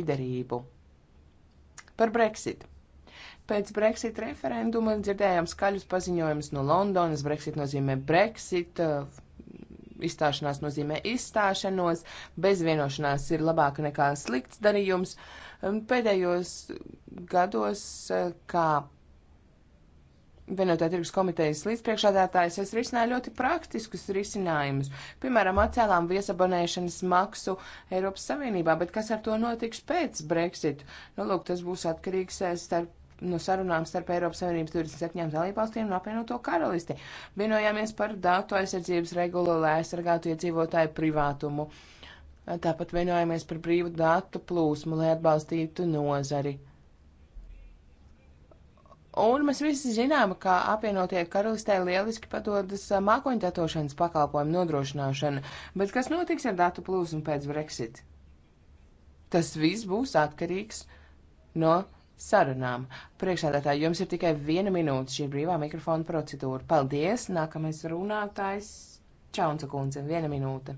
liderību. Par Brexit. Pēc Brexit referenduma dzirdējām skaļus paziņojumus no Londonas. Brexit nozīmē Brexit, eh, izstāšanās nozīmē izstāšanos, bez vienošanās ir labāka nekā slikts darījums. Pēdējos gados, eh, kā vienotā tirgus komitejas līdzpriekšādātājs, es risināju ļoti praktiskus risinājumus. Piemēram, atcēlām viesabonēšanas maksu Eiropas Savienībā, bet kas ar to notiks pēc Brexit? Nu, lūk, tas būs atkarīgs eh, starp no sarunām starp Eiropas Savienības 27 dalībvalstīm un apvienoto karalisti. Vienojāmies par datu aizsardzības regulu, lai aizsargātu iedzīvotāju privātumu. Tāpat vienojāmies par brīvu datu plūsmu, lai atbalstītu nozari. Un mēs visi zinām, ka apvienotie karalistē lieliski padodas mākoņdatošanas pakalpojumu nodrošināšana, bet kas notiks ar datu plūsmu pēc Brexit? Tas viss būs atkarīgs no sarunām. Priekšādātāji, jums ir tikai viena minūte šī brīvā mikrofona procedūra. Paldies! Nākamais runātājs Čaunca kundze, viena minūte.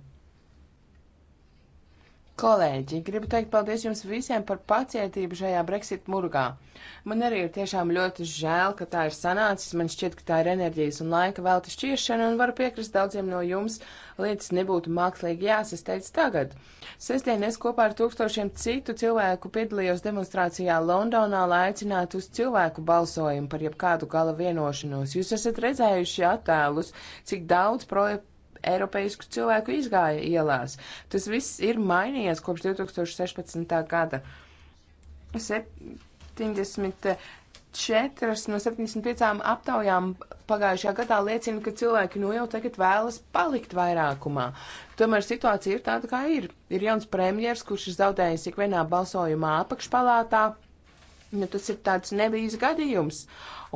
Kolēģi, gribu teikt paldies jums visiem par pacietību šajā Brexit murgā. Man arī ir tiešām ļoti žēl, ka tā ir sanācis. Man šķiet, ka tā ir enerģijas un laika velta šķiešana, un varu piekrist daudziem no jums, lietas nebūtu mākslīgi jāsasteidz tagad. Sestdien es kopā ar tūkstošiem citu cilvēku piedalījos demonstrācijā Londonā, lai aicinātu uz cilvēku balsojumu par jebkādu gala vienošanos. Jūs esat redzējuši attēlus, cik daudz projektu eiropeisku cilvēku izgāja ielās. Tas viss ir mainījies kopš 2016. gada. 74 no 75 aptaujām pagājušajā gadā liecina, ka cilvēki nu jau tagad vēlas palikt vairākumā. Tomēr situācija ir tāda, kā ir. Ir jauns premjers, kurš ir zaudējis ikvienā balsojumā apakšpalātā Nu, tas ir tāds nebijis gadījums,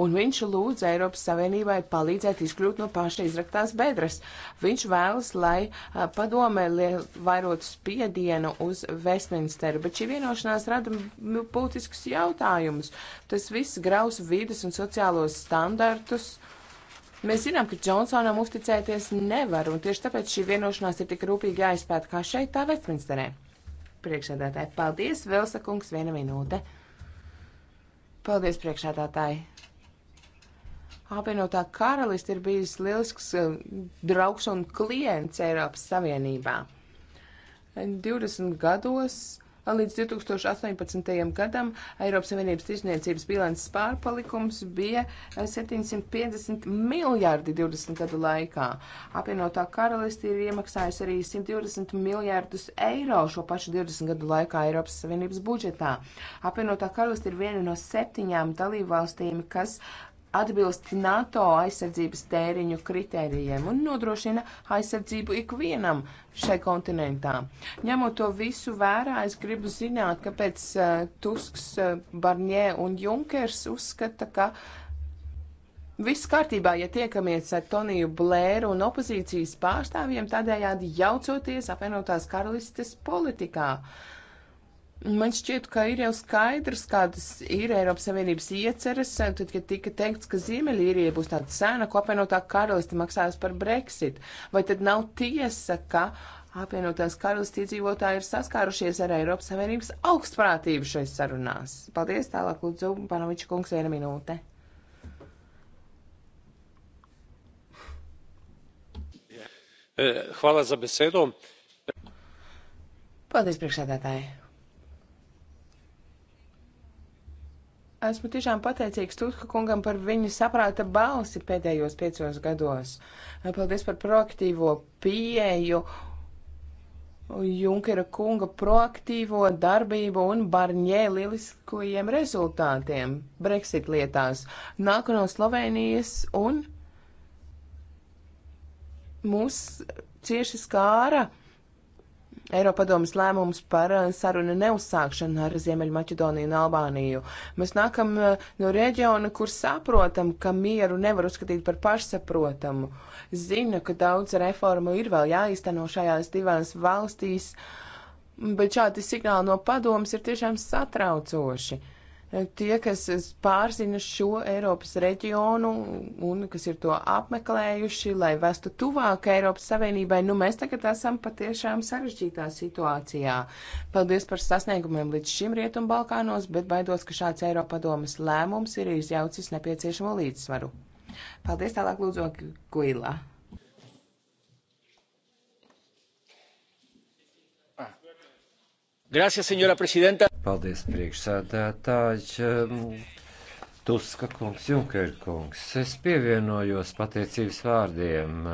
un viņš lūdz Eiropas Savienībai palīdzēt izkļūt no paša izraktās bedres. Viņš vēlas, lai padomē vairot spiedienu uz Westminsteru, bet šī vienošanās rada būtiskus jautājumus. Tas viss graus vidas un sociālos standartus. Mēs zinām, ka Džonsonam uzticēties nevar, un tieši tāpēc šī vienošanās ir tik rūpīgi jāizpēta kā šeit, tā Westminsterē. Priekšsēdētāji, paldies, Velsa kungs, viena minūte. Paldies, priekšādātāji! Apvienotā karaliste ir bijis lielisks eh, draugs un klients Eiropas Savienībā. 20 gados Līdz 2018. gadam Eiropas Savienības tirsniecības bilances pārpalikums bija 750 miljārdi 20 gadu laikā. Apvienotā karalisti ir iemaksājusi arī 120 miljārdus eiro šo pašu 20 gadu laikā Eiropas Savienības budžetā. Apvienotā karalisti ir viena no septiņām dalībvalstīm, kas uh, atbilst NATO aizsardzības tēriņu kritērijiem un nodrošina aizsardzību ikvienam šai kontinentā. Ņemot to visu vērā, es gribu zināt, kāpēc uh, Tusks, uh, eh, Barņē un Junkers uzskata, ka viss kārtībā, ja tiekamies ar Toniju Blēru un opozīcijas pārstāvjiem, tādējādi jaucoties apvienotās karalistes politikā. Uh, Man šķiet, ka ir jau skaidrs, kādas ir Eiropas Savienības ieceres, tad, kad tika teikts, ka Ziemeļīrija būs tāda sēna, ko apvienotā karaliste maksās par Brexit. Vai tad nav tiesa, ka apvienotās karalists iedzīvotāji ir saskārušies ar Eiropas Savienības augstprātību šais sarunās? Paldies, tālāk lūdzu, Panoviča kungs, viena minūte. Eh, hvala za besedo. Paldies, priekšsēdētāji. Esmu tiešām pateicīgs Tuska kungam par viņa saprāta balsi pēdējos piecos gados. Paldies par proaktīvo pieeju, Junkera kunga proaktīvo darbību un Barņē lieliskajiem rezultātiem Brexit lietās. Nāku no Slovenijas un mūs cieši skāra. Kā Eiropadomas lēmums par eh, sarunu neuzsākšanu ar Ziemeļmaķedoniju un Albāniju. Mēs nākam eh, no reģiona, kur saprotam, ka mieru nevar uzskatīt par pašsaprotamu. Zinu, ka daudz reformu ir vēl jāizteno šajās divās valstīs, bet šādi signāli no padomas ir tiešām satraucoši tie, kas pārzina šo Eiropas reģionu un kas ir to apmeklējuši, lai vestu tuvāk Eiropas Savienībai, nu mēs tagad esam patiešām sarežģītā situācijā. Paldies par sasniegumiem līdz šim Rietumbalkānos, bet baidos, ka šāds Eiropadomas lēmums ir izjaucis nepieciešamo līdzsvaru. Paldies tālāk lūdzu Guilā. Gracias, señora presidenta. Paldies, priekšsēdētāji. Um, Tuska kungs, Junker kungs, es pievienojos pateicības vārdiem.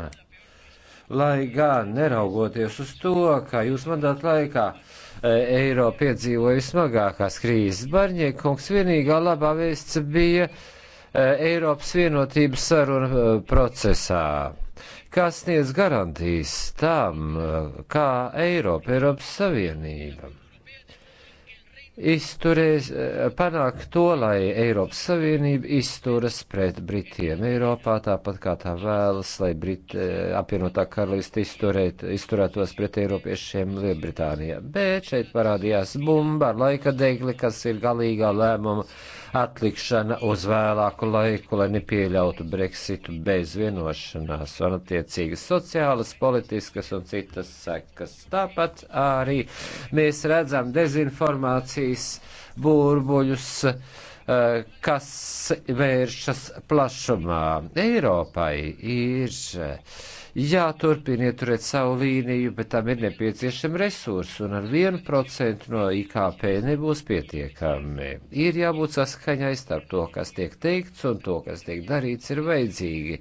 Lai gan neraugoties uz to, ka jūs mandāt laikā e, eiro piedzīvoja smagākās krīzes, Barņiekungs vienīgā labā vēsts bija e, Eiropas vienotības saruna e, procesā kas sniedz garantijas tam, kā Eiropa, Eiropas Savienība izturēs, eh, panākt to, lai Eiropas Savienība izturas pret Britiem Eiropā, tāpat kā tā vēlas, lai Brit, eh, apvienotā karalista izturēt, izturētos pret Eiropiešiem Lielbritānijā. Bet šeit parādījās bumba ar laika degli, kas ir galīgā lēmuma atlikšana uz vēlāku laiku, lai nepieļautu Brexitu bez vienošanās un attiecīgas sociālas, politiskas un citas sekas. Tāpat arī mēs redzam dezinformācijas burbuļus eh, kas vēršas plašumā. Eiropai ir eh, jāturpina ieturēt savu līniju, bet tam ir nepieciešami resursi, un ar 1% no IKP nebūs pietiekami. Ir jābūt saskaņai starp to, kas tiek teikts un to, kas tiek darīts, ir vajadzīgi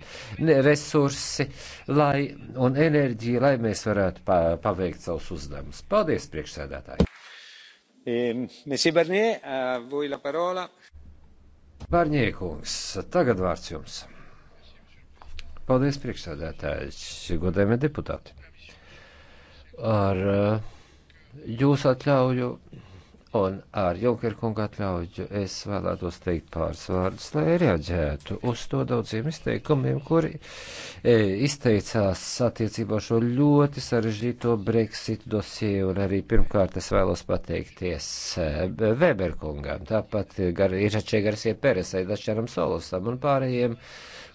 ne, resursi lai, un enerģija, lai mēs varētu pa, paveikt savus uzdevumus. Paldies, priekšsēdētāji! Monsieur Barnier, à vous la parole. Barnier kungs, tagad vārds jums. Paldies, priekšsēdētājs, godējumie deputāti. Ar eh, jūsu atļauju un ar Junker kunga atļauju es vēlētos teikt pāris vārdus, lai reaģētu uz to daudziem izteikumiem, kuri e, izteicās attiecībā šo ļoti sarežģīto Brexit dosiju, un arī pirmkārt es vēlos pateikties eh, Weber kungam, tāpat gar, Iračē Garsie Peresai, Dačaram Solosam un pārējiem,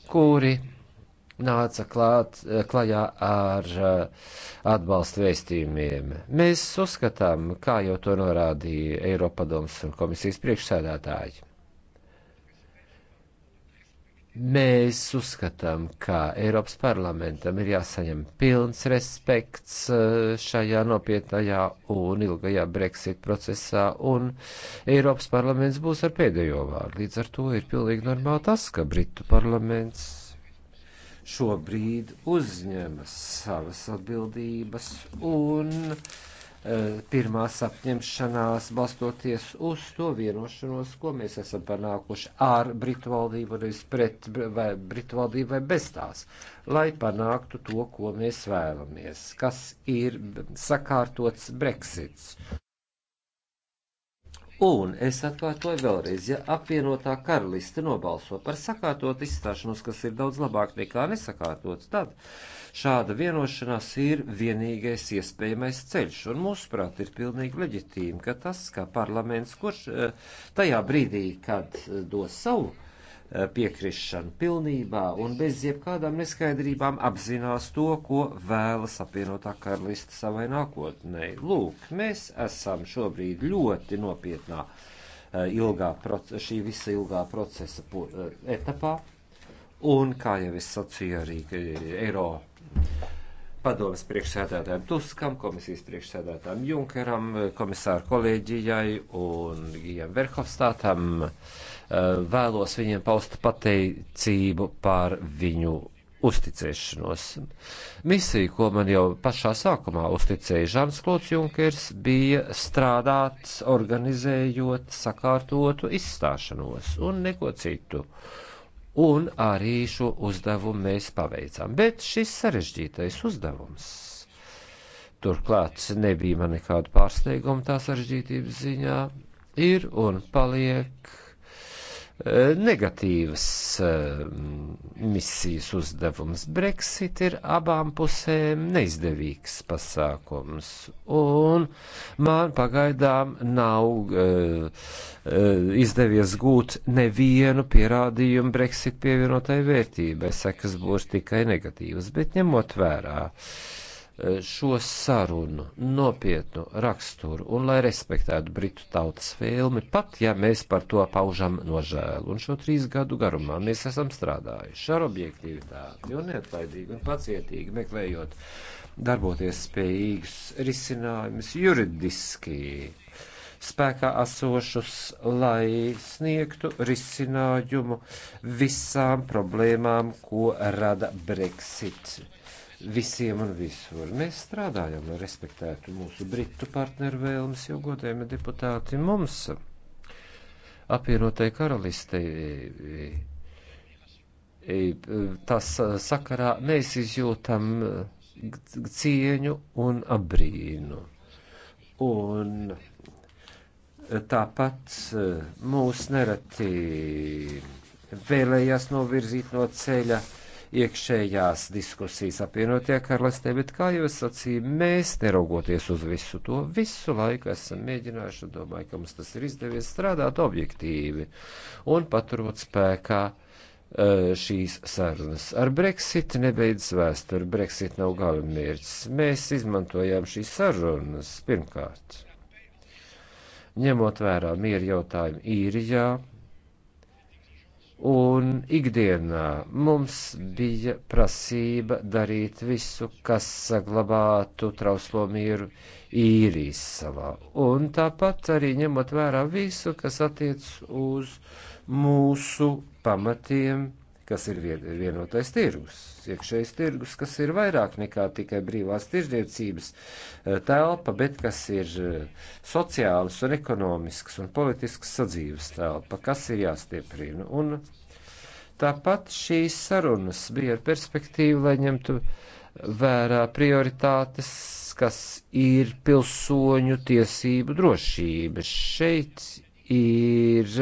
kuri nāca klāt, klajā ar eh, atbalsta vēstījumiem. Mēs uzskatām, kā jau to norādīja Eiropadoms un komisijas priekšsēdētāji. Mēs uzskatām, ka Eiropas parlamentam ir jāsaņem pilns respekts eh, šajā nopietnajā un ilgajā Brexit procesā, un Eiropas parlaments būs ar pēdējo vārdu. Līdz ar to ir pilnīgi normāli tas, ka Britu parlaments šobrīd uzņemas savas atbildības un e, pirmās apņemšanās balstoties uz to vienošanos, ko mēs esam panākuši ar Britu valdību, nevis pret vai Britu valdību vai bez tās, lai panāktu to, ko mēs vēlamies, kas ir sakārtots Brexits. Un es atkārtoju vēlreiz, ja apvienotā karaliste nobalso par sakārtot izstāšanos, kas ir daudz labāk nekā nesakārtot, tad šāda vienošanās ir vienīgais iespējamais ceļš. Un mūsuprāt ir pilnīgi leģitīmi, ka tas, kā parlaments, kurš eh, tajā brīdī, kad eh, dos savu Eh, piekrišanu pilnībā un bez jebkādām neskaidrībām apzinās to, ko vēlas apvienotā karaliste savai nākotnē. Lūk, mēs esam šobrīd ļoti nopietnā eh, ilgā procesa, šī visa ilgā procesa eh, etapā, un, kā jau es sacīju, arī Eiro padomas priekšsēdētājiem Tuskam, komisijas priekšsēdētājiem Junkeram, komisāru kolēģijai un Gijam Verhofstātam. Uh, Eh, vēlos viņiem paust pateicību par viņu uzticēšanos. Misija, ko man jau pašā sākumā uzticēja Žans Klots Junkers, bija strādāt, organizējot sakārtotu izstāšanos un neko citu. Un arī šo uzdevumu mēs paveicām. Bet šis sarežģītais uzdevums. Turklāt nebija man nekādu pārsteigumu tā sarežģītības ziņā. Ir un paliek Eh, negatīvas eh, misijas uzdevums. Brexit ir abām pusēm neizdevīgs pasākums, un man pagaidām nav eh, izdevies gūt nevienu pierādījumu Brexit pievienotai vērtībai. Sekas būs tikai negatīvas, bet ņemot vērā. Uh, šo sarunu nopietnu raksturu un lai respektētu Britu tautas vēlmi, pat ja mēs par to paužam nožēlu. Un šo trīs gadu garumā mēs esam strādājuši ar objektivitāti un neatlaidīgi un pacietīgi meklējot darboties spējīgus risinājumus juridiski spēkā esošus, lai sniegtu risinājumu visām problēmām, ko rada Brexit visiem un visur. Mēs strādājam, lai respektētu mūsu britu partneru vēlmes, jo godējumi deputāti mums apvienotai karalistei. E, e, Tas sakarā mēs izjūtam cieņu un abrīnu. Un tāpat mūs nereti vēlējās novirzīt no ceļa uh, iekšējās diskusijas apvienotajā karalistē, bet, kā jau es sacīju, mēs, neraugoties uz visu to, visu laiku esam mēģinājuši, un domāju, ka mums tas ir izdevies strādāt objektīvi un paturot spēkā eh, šīs sarunas. Ar Brexit nebeidzas vēsture, Brexit nav galamērķis. Mēs izmantojām šīs sarunas pirmkārt. Ņemot vērā mieru jautājumu īrijā, Un ikdienā mums bija prasība darīt visu, kas saglabātu trauslo mieru īrijas salā. Un tāpat arī ņemot vērā visu, kas attiec uz mūsu pamatiem kas ir vienotais tirgus, iekšējais tirgus, kas ir vairāk nekā tikai brīvās tirzniecības e, telpa, bet kas ir e, sociāls un ekonomisks un politisks sadzīves telpa, kas ir jāstieprina. Un tāpat šīs sarunas bija ar perspektīvu, lai ņemtu vērā prioritātes, kas ir pilsoņu tiesību drošība. Šeit ir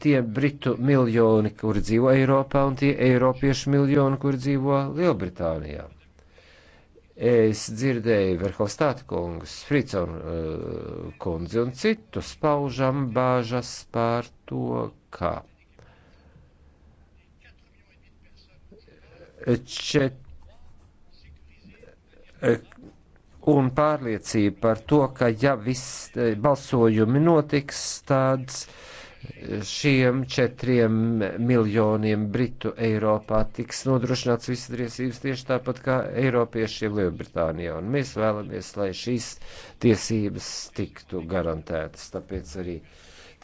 tie britu miljoni, kuri dzīvo Eiropā, un tie eiropiešu miljoni, kuri dzīvo Lielbritānijā. Es dzirdēju Verhofstāta kungus, Friconu uh, eh, kundzi un citus paužam bāžas par to, kā. Čet... Eh, un pārliecība par to, ka ja viss eh, balsojumi notiks, tāds uh, šiem četriem miljoniem Britu Eiropā tiks nodrošināts visas tiesības tieši tāpat kā Eiropiešiem Lielbritānijā. Un mēs vēlamies, lai šīs tiesības tiktu garantētas. Tāpēc arī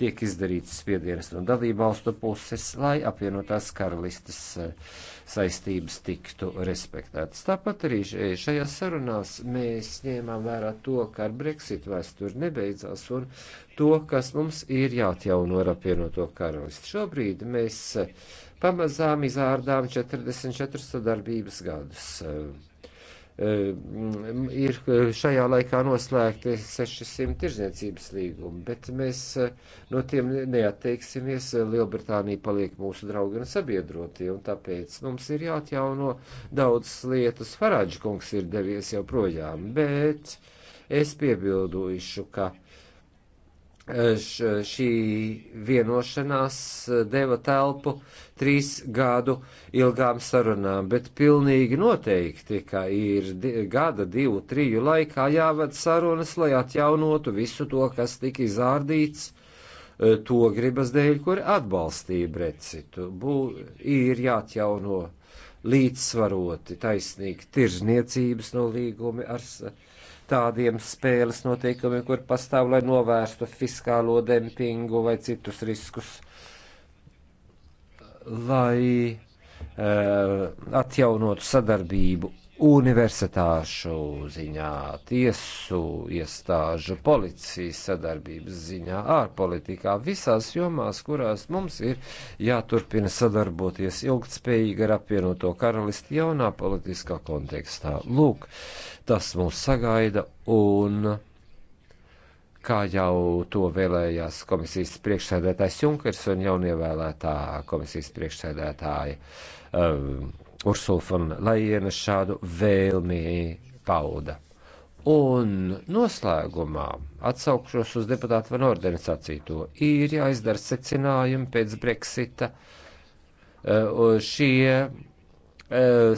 tiek izdarīts spiediens no dalībvalstu puses, lai apvienotās karalistes eh, saistības tiktu respektētas. Tāpat arī šajās sarunās mēs ņēmām vērā to, ka ar Brexit vēsturi nebeidzās un to, kas mums ir jāatjauno ar apvienoto karalisti. Šobrīd mēs eh, pamazām izārdām 44 sadarbības gadus. Eh, mm, ir eh, šajā laikā noslēgti 600 tirzniecības līgumi, bet mēs no tiem neatteiksimies. Lielbritānija paliek mūsu draugi un sabiedrotie, un tāpēc mums ir jāatjauno daudzas lietas. Farāģis kungs ir devies jau projām, bet es piebildušu, ka š, šī vienošanās deva telpu trīs gadu ilgām sarunām, bet pilnīgi noteikti, ka ir gada, divu, triju laikā jāved sarunas, lai atjaunotu visu to, kas tika izārdīts. E, to gribas dēļ, kuri atbalstīja Brexitu, Bū, ir jāatjauno līdzsvaroti, taisnīgi tirzniecības nolīgumi ar uh, tādiem spēles noteikumiem, kur pastāv, lai novērstu fiskālo dempingu vai citus riskus, lai uh, atjaunotu sadarbību universitāšu ziņā, tiesu iestāžu, policijas sadarbības ziņā, ārpolitikā, visās jomās, kurās mums ir jāturpina sadarboties ilgtspējīgi ar apvienoto karalisti jaunā politiskā kontekstā. Lūk, tas mūs sagaida un. Kā jau to vēlējās komisijas priekšsēdētājs Junkers un jaunievēlētā komisijas priekšsēdētāja um, Ursula von Lajena šādu vēlmi pauda. Un noslēgumā atsaukšos uz deputātu van ordeni sacīto. Ir jāizdara secinājumi pēc Brexita. Eh, šie eh,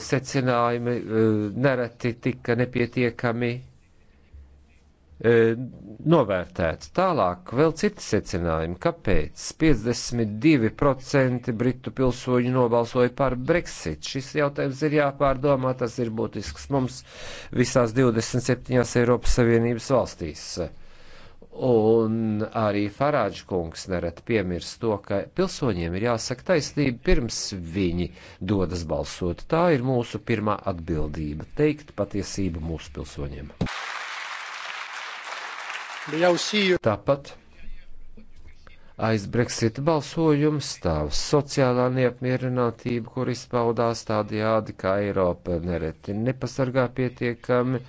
secinājumi eh, nereti tika nepietiekami E, novērtēts. Tālāk vēl citi secinājumi, kāpēc 52% britu pilsoņu nobalsoja par Brexit. Šis jautājums ir jāpārdomā, tas ir būtisks mums visās 27. Eiropas Savienības valstīs. Un arī Farāģa kungs nerad piemirst to, ka pilsoņiem ir jāsaka taisnība pirms viņi dodas balsot. Tā ir mūsu pirmā atbildība - teikt patiesību mūsu pilsoņiem. Tāpat aiz Brexit balsojuma stāv sociālā neapmierinātība, kur izpaudās tādajādi, ka Eiropa nereti nepasargā pietiekami, e,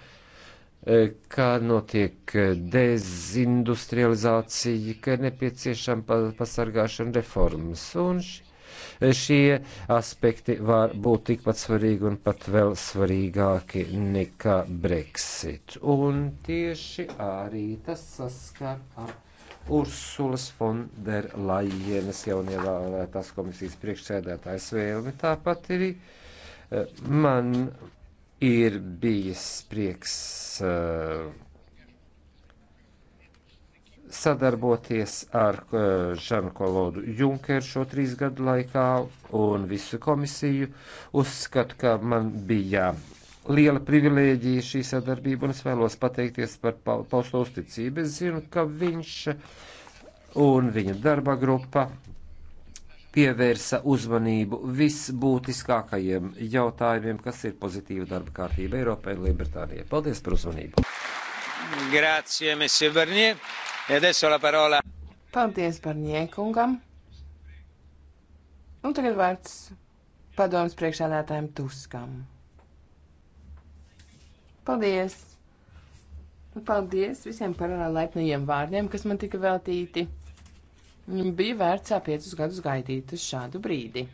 kā notiek dezindustrializācija, ka ir nepieciešama pasargāšana reformas. Un šī šie aspekti var būt tikpat svarīgi un pat vēl svarīgāki nekā Brexit. Un tieši arī tas saskar ar Ursulas Fonderlajenas jaunievēlētās komisijas priekšsēdētājas vēlmi. Tāpat arī eh, man ir bijis prieks. Uh, sadarboties ar Žanu eh, Kolodu Junkeru šo trīs gadu laikā un visu komisiju. Uzskatu, ka man bija liela privilēģija šī sadarbība un es vēlos pateikties par pausto uzticību. Es zinu, ka viņš un viņa darba grupa pievērsa uzmanību visbūtiskākajiem jautājumiem, kas ir pozitīva darba kārtība Eiropai un Lielbritānijai. Paldies par uzmanību! Grazie, Messie Bernier! E paldies Barņiekungam. Un tagad vārds padomas priekšādātājiem Tuskam. Paldies! Paldies visiem par laipnajiem vārdiem, kas man tika veltīti. Bija vērts piecus gadus gaidīt uz šādu brīdi.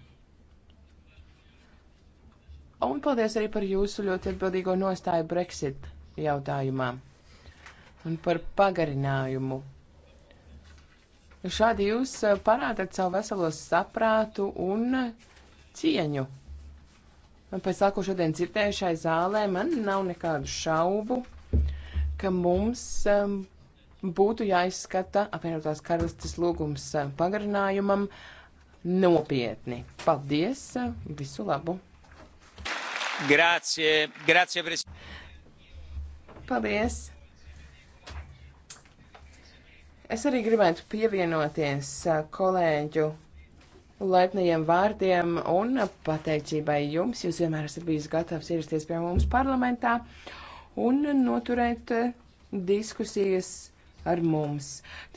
Un paldies arī par jūsu ļoti atbildīgo nostāju Brexit jautājumā un par pagarinājumu. Šādi jūs eh, parādat savu veselo saprātu un eh, cieņu. Pēc tā, ko šodien dzirdēju šai zālē, man nav nekādu šaubu, ka mums eh, būtu jāizskata apvienotās karalistes lūgums pagarinājumam nopietni. Paldies! Visu labu! Grācie, grācie, prezidents! Paldies! Es arī gribētu pievienoties kolēģu laipnajiem vārdiem un pateicībai jums. Jūs vienmēr esat bijis gatavs ierasties pie mums parlamentā un noturēt diskusijas ar mums.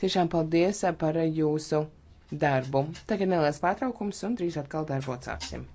Tiešām paldies par jūsu darbu. Tagad neliels pārtraukums un drīz atkal darbot sāksim.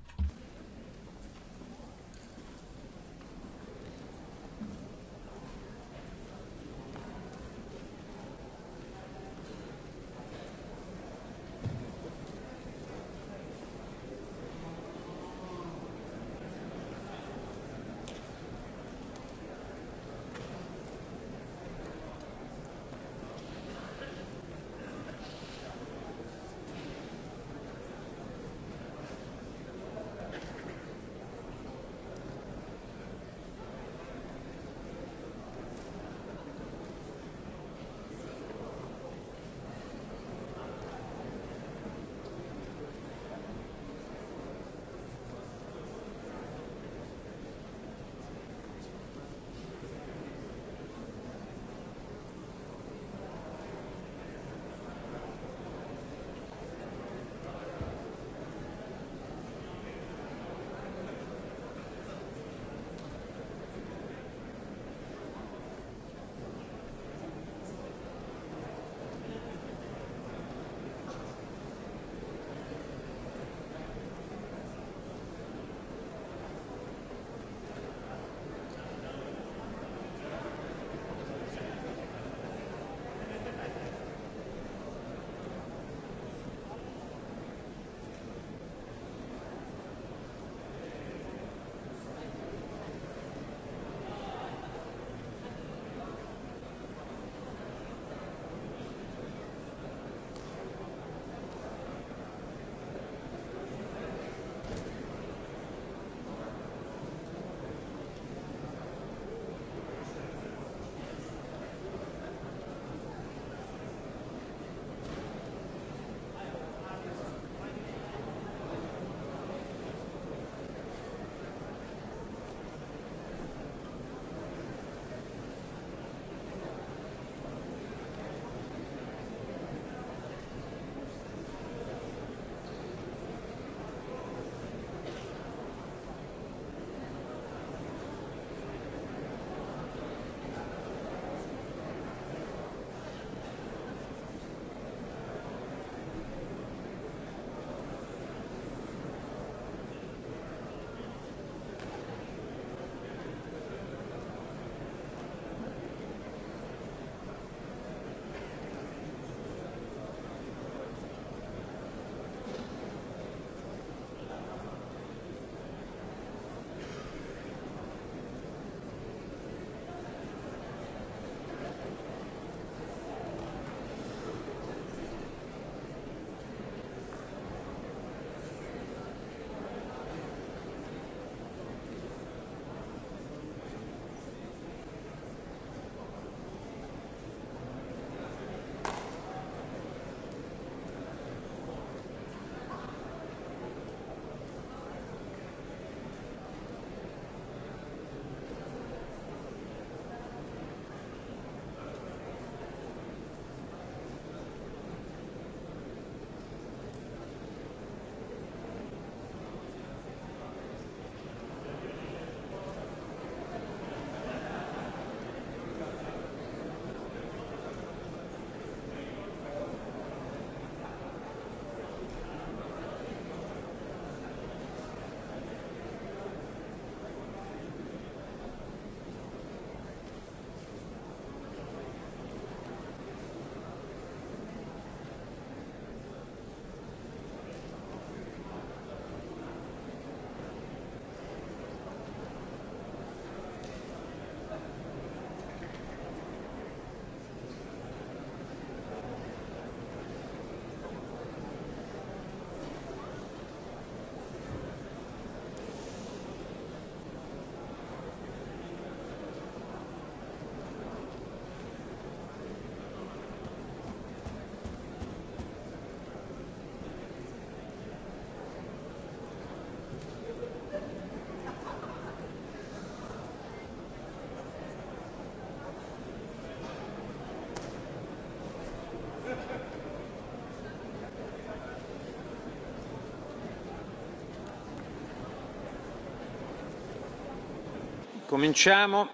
cominciamo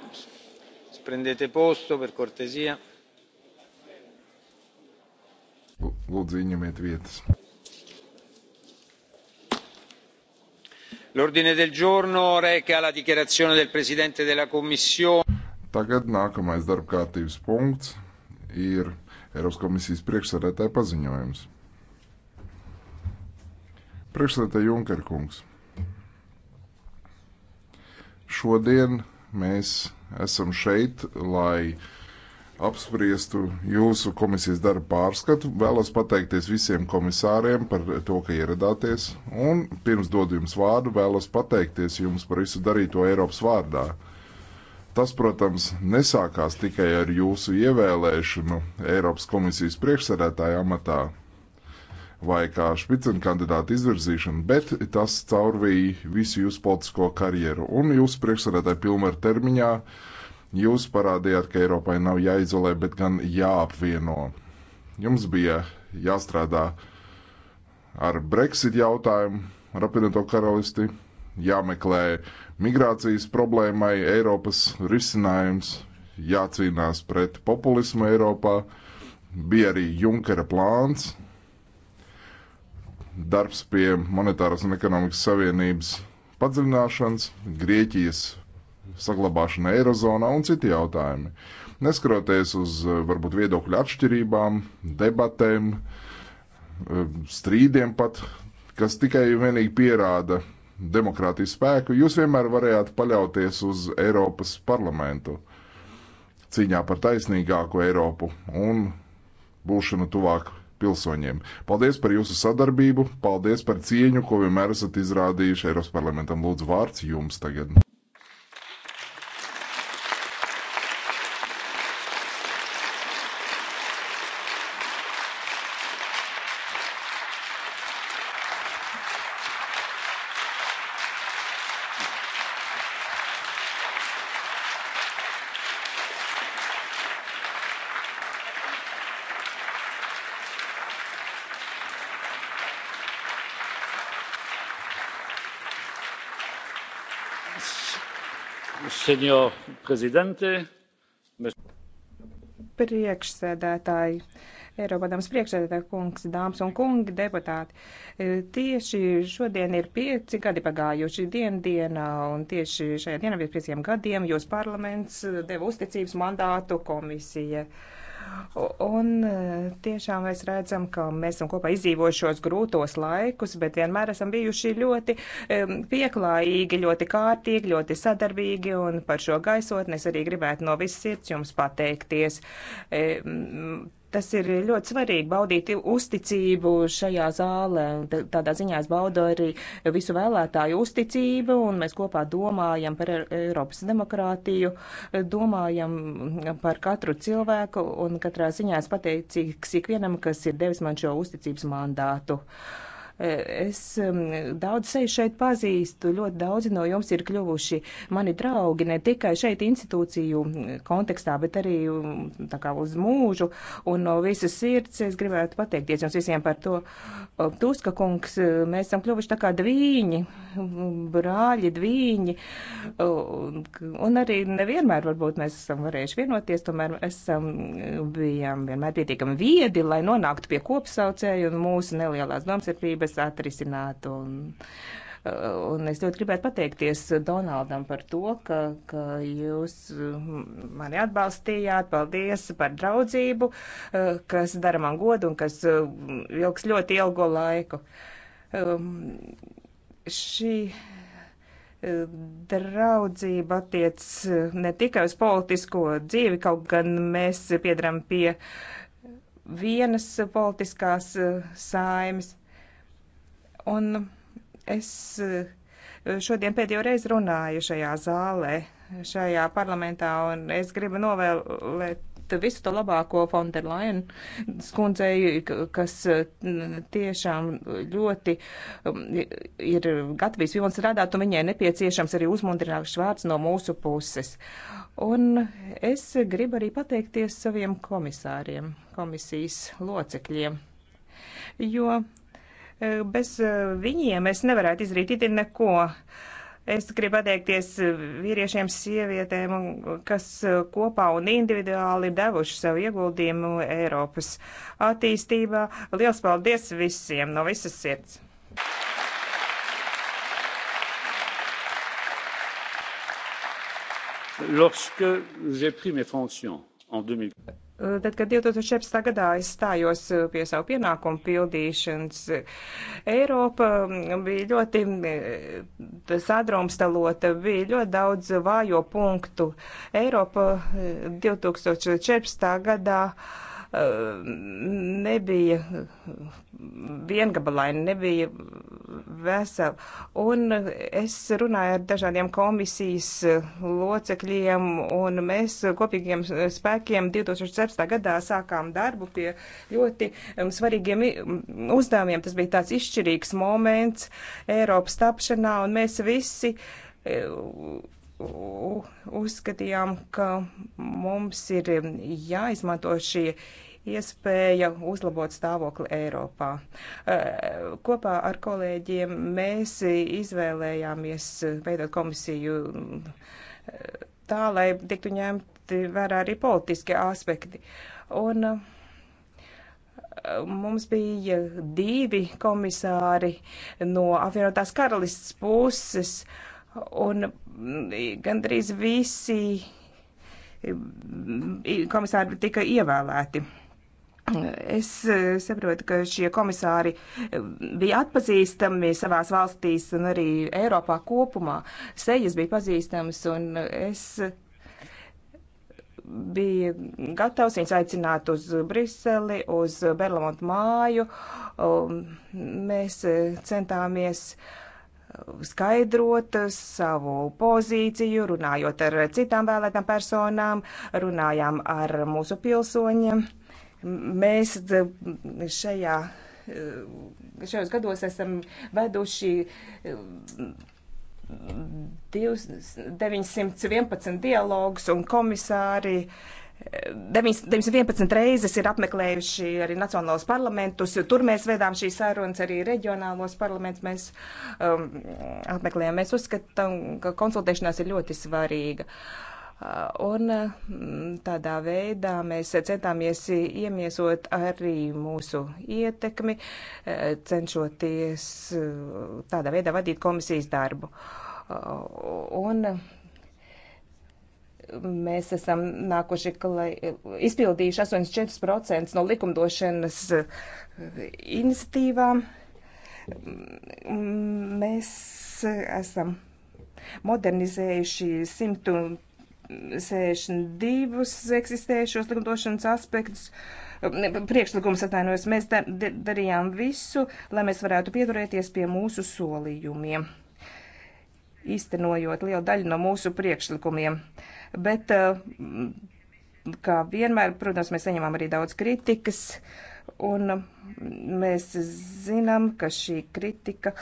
prendete posto per cortesia lūdzu ieņemiet vietas l'ordine del giorno reca la dichiarazione del presidente della commissione tagad nākamais darbkārtības punkts ir Eiropas komisijas priekšsēdētāja paziņojums. Priekšsēdētāja Junker kungs. Šodien mēs esam šeit, lai apspriestu jūsu komisijas darba pārskatu. Vēlos pateikties visiem komisāriem par to, ka ieradāties, un pirms dodu jums vārdu, vēlos pateikties jums par visu darīto Eiropas vārdā. Tas, protams, nesākās tikai ar jūsu ievēlēšanu Eiropas komisijas priekšsēdētāja amatā, vai kā špicena kandidāta izvirzīšanu, bet tas caurvīja visu jūsu politisko karjeru un jūsu priekšsarētāju pilnvaru termiņā. Jūs parādījāt, ka Eiropai nav jāizolē, bet gan jāapvieno. Jums bija jāstrādā ar Brexit jautājumu, ar apvienoto karalisti, jāmeklē migrācijas problēmai Eiropas risinājums, jācīnās pret populismu Eiropā. Bija arī Junkera plāns, darbs pie monetāras un ekonomikas savienības padziļināšanas, Grieķijas saglabāšana Eirozonā un citi jautājumi. Neskaroties uz eh, varbūt viedokļu atšķirībām, debatēm, eh, strīdiem pat, kas tikai vienīgi pierāda demokrātijas spēku, jūs vienmēr varējāt paļauties uz Eiropas parlamentu cīņā par taisnīgāku Eiropu un būšanu tuvāk pilsoņiem. Paldies par jūsu sadarbību, paldies par cieņu, ko vienmēr esat izrādījuši Eiropas parlamentam. Lūdzu, vārds jums tagad. senjor prezidente. Priekšsēdētāji, Eiropadams priekšsēdētāji kungs, dāmas un kungi, deputāti. E, tieši šodien ir pieci gadi pagājuši dienu dienā, un tieši šajā dienā pirms pieciem gadiem jūs parlaments deva uzticības mandātu komisijai. Un e, tiešām mēs redzam, ka mēs esam kopā izdzīvojušos grūtos laikus, bet vienmēr esam bijuši ļoti e, pieklājīgi, ļoti kārtīgi, ļoti sadarbīgi. Un par šo gaisotni es arī gribētu no visas sirds jums pateikties. E, Tas ir ļoti svarīgi baudīt uzticību šajā zālē. Tādā ziņā es baudu arī visu vēlētāju uzticību, un mēs kopā domājam par Eiropas demokrātiju, domājam par katru cilvēku, un katrā ziņā es pateicīgs ikvienam, kas ir devis man šo uzticības mandātu. Uh, Es um, daudz seju šeit pazīstu, ļoti daudzi no jums ir kļuvuši mani draugi ne tikai šeit institūciju kontekstā, bet arī um, tā kā uz mūžu. Un no visas sirds es gribētu pateikties jums visiem par to. Uh, Tuska kungs, uh, mēs esam kļuvuši tā kā dvīņi, um, brāļi, dvīņi. Uh, un arī nevienmēr varbūt mēs esam varējuši vienoties, tomēr esam bijām vienmēr pietiekami viedi, lai nonāktu pie kopsaucēju un mūsu nelielās domstarpības kas atrisinātu. Un, uh, Un es ļoti gribētu pateikties Donaldam par to, ka, ka jūs mm, mani atbalstījāt. Paldies par draudzību, uh, kas dara man godu un kas uh, ilgs ļoti ilgo laiku. Um, šī draudzība attiec ne tikai uz politisko dzīvi, kaut gan mēs piedaram pie vienas politiskās saimes. Un es eh, šodien pēdējo reizi runāju šajā zālē, šajā parlamentā, un es gribu novēlēt visu to labāko Fonderlaien skundzei, kas eh, tiešām ļoti um, ir gatavs pilns strādāt, un viņai nepieciešams arī uzmundrināšs vārds no mūsu puses. Un es gribu arī pateikties saviem komisāriem, komisijas locekļiem, jo Bez eh, viņiem es nevarētu izdarīt it neko. Es gribu pateikties eh, vīriešiem, sievietēm, kas eh, kopā un individuāli ir devuši savu ieguldījumu Eiropas attīstībā. Liels paldies visiem no visas sirds! Lorsque j'ai pris mes fonctions en 2000. Eh, tad, kad 2014. gadā es stājos eh, pie savu pienākumu pildīšanas, Eiropa mm, bija ļoti eh, sadrumstalota, bija ļoti daudz vājo punktu. Eiropa 2014. gadā nebija viengabalaini, nebija veseli. Un es runāju ar dažādiem komisijas locekļiem, un mēs kopīgiem spēkiem 2017. gadā sākām darbu pie ļoti um, svarīgiem um, uzdevumiem. Tas bija tāds izšķirīgs moments Eiropas tapšanā, un mēs visi e, uzskatījām, ka mums ir jāizmanto šī iespēja uzlabot stāvokli Eiropā. Eh, kopā ar kolēģiem mēs izvēlējāmies veidot komisiju eh, tā, lai tiktu ņemti vērā arī politiskie aspekti. Un, eh, mums bija divi komisāri no apvienotās karalists puses. Uh, Un mm, gandrīz visi mm, komisāri tika ievēlēti. Es eh, saprotu, ka šie komisāri mm, bija atpazīstami savās valstīs un arī Eiropā kopumā. Sejas bija pazīstamas un es bija gatavs viņus aicināt uz Briseli, uz Berlamontu māju. Um, mēs eh, centāmies uh, skaidrot savu pozīciju, runājot ar citām vēlētām personām, runājām ar mūsu pilsoņiem. Mēs šajā, šajos gados esam veduši 911 mm, dialogus un komisāri 911 reizes ir apmeklējuši arī nacionālos parlamentus. Tur mēs vedām šīs sarunas, arī reģionālos parlamentus mēs um, apmeklējām. Mēs uzskatām, ka konsultēšanās ir ļoti svarīga. Uh, un mm, tādā veidā mēs centāmies iemiesot arī mūsu ietekmi, uh, cenšoties uh, tādā veidā vadīt komisijas darbu. Un mēs esam nākuši, izpildījuši 84% no likumdošanas eh, iniciatīvām. Mēs esam modernizējuši 162 eksistējušos likumdošanas aspektus. Priekšlikums atvainojas, mēs darījām visu, lai mēs varētu pieturēties pie mūsu solījumiem, īstenojot lielu daļu no mūsu priekšlikumiem. Uh, bet eh, kā vienmēr, protams, mēs saņemam arī daudz kritikas, un mēs zinām, ka šī kritika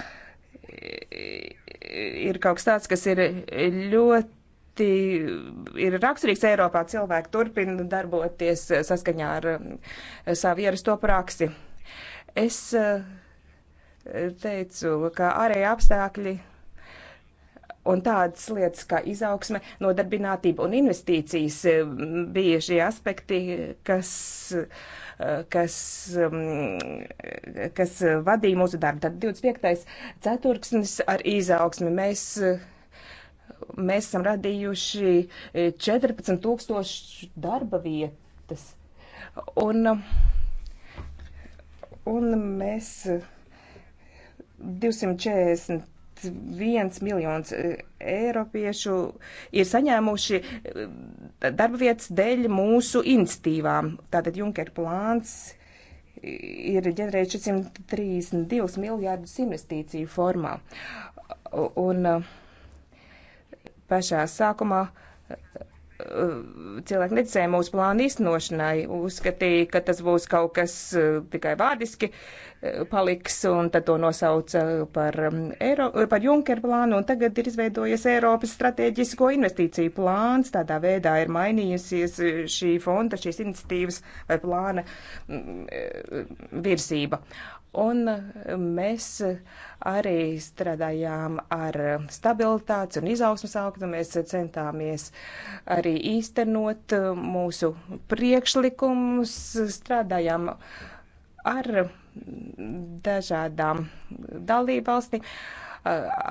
ir kaut kas tāds, kas ir ļoti ir raksturīgs Eiropā. Cilvēki turpina darboties saskaņā ar eh, savu ierasto praksi. Es eh, teicu, ka arī apstākļi Un tādas lietas kā izaugsme, nodarbinātība un investīcijas eh, bija šie aspekti, kas, eh, kas, mm, kas vadīja mūsu darbu. Tad 25. ceturksnis ar izaugsmi mēs mēs esam radījuši 14,000 eh, darba vietas. Un, un mēs 240 viens miljons e, eiropiešu ir saņēmuši e, darba vietas dēļ mūsu institīvām. Tātad Junker plāns ir ģenerējis 432 miljārdus investīciju formā. Un e, pašā sākumā Eh, cilvēki neticēja mūsu plānu īstenošanai, uzskatīja, ka tas būs kaut kas eh, tikai vārdiski eh, paliks, un tad to nosauca par, mm, Eiro, par Junker plānu, un tagad ir izveidojies Eiropas strateģisko investīciju plāns. Tādā veidā ir mainījusies šī fonda, šīs iniciatīvas vai plāna mm, virsība. Un mēs arī strādājām ar stabilitātes un izaugsmas augstu. Mēs centāmies arī īstenot mūsu priekšlikumus, strādājām ar dažādām dalībvalstīm.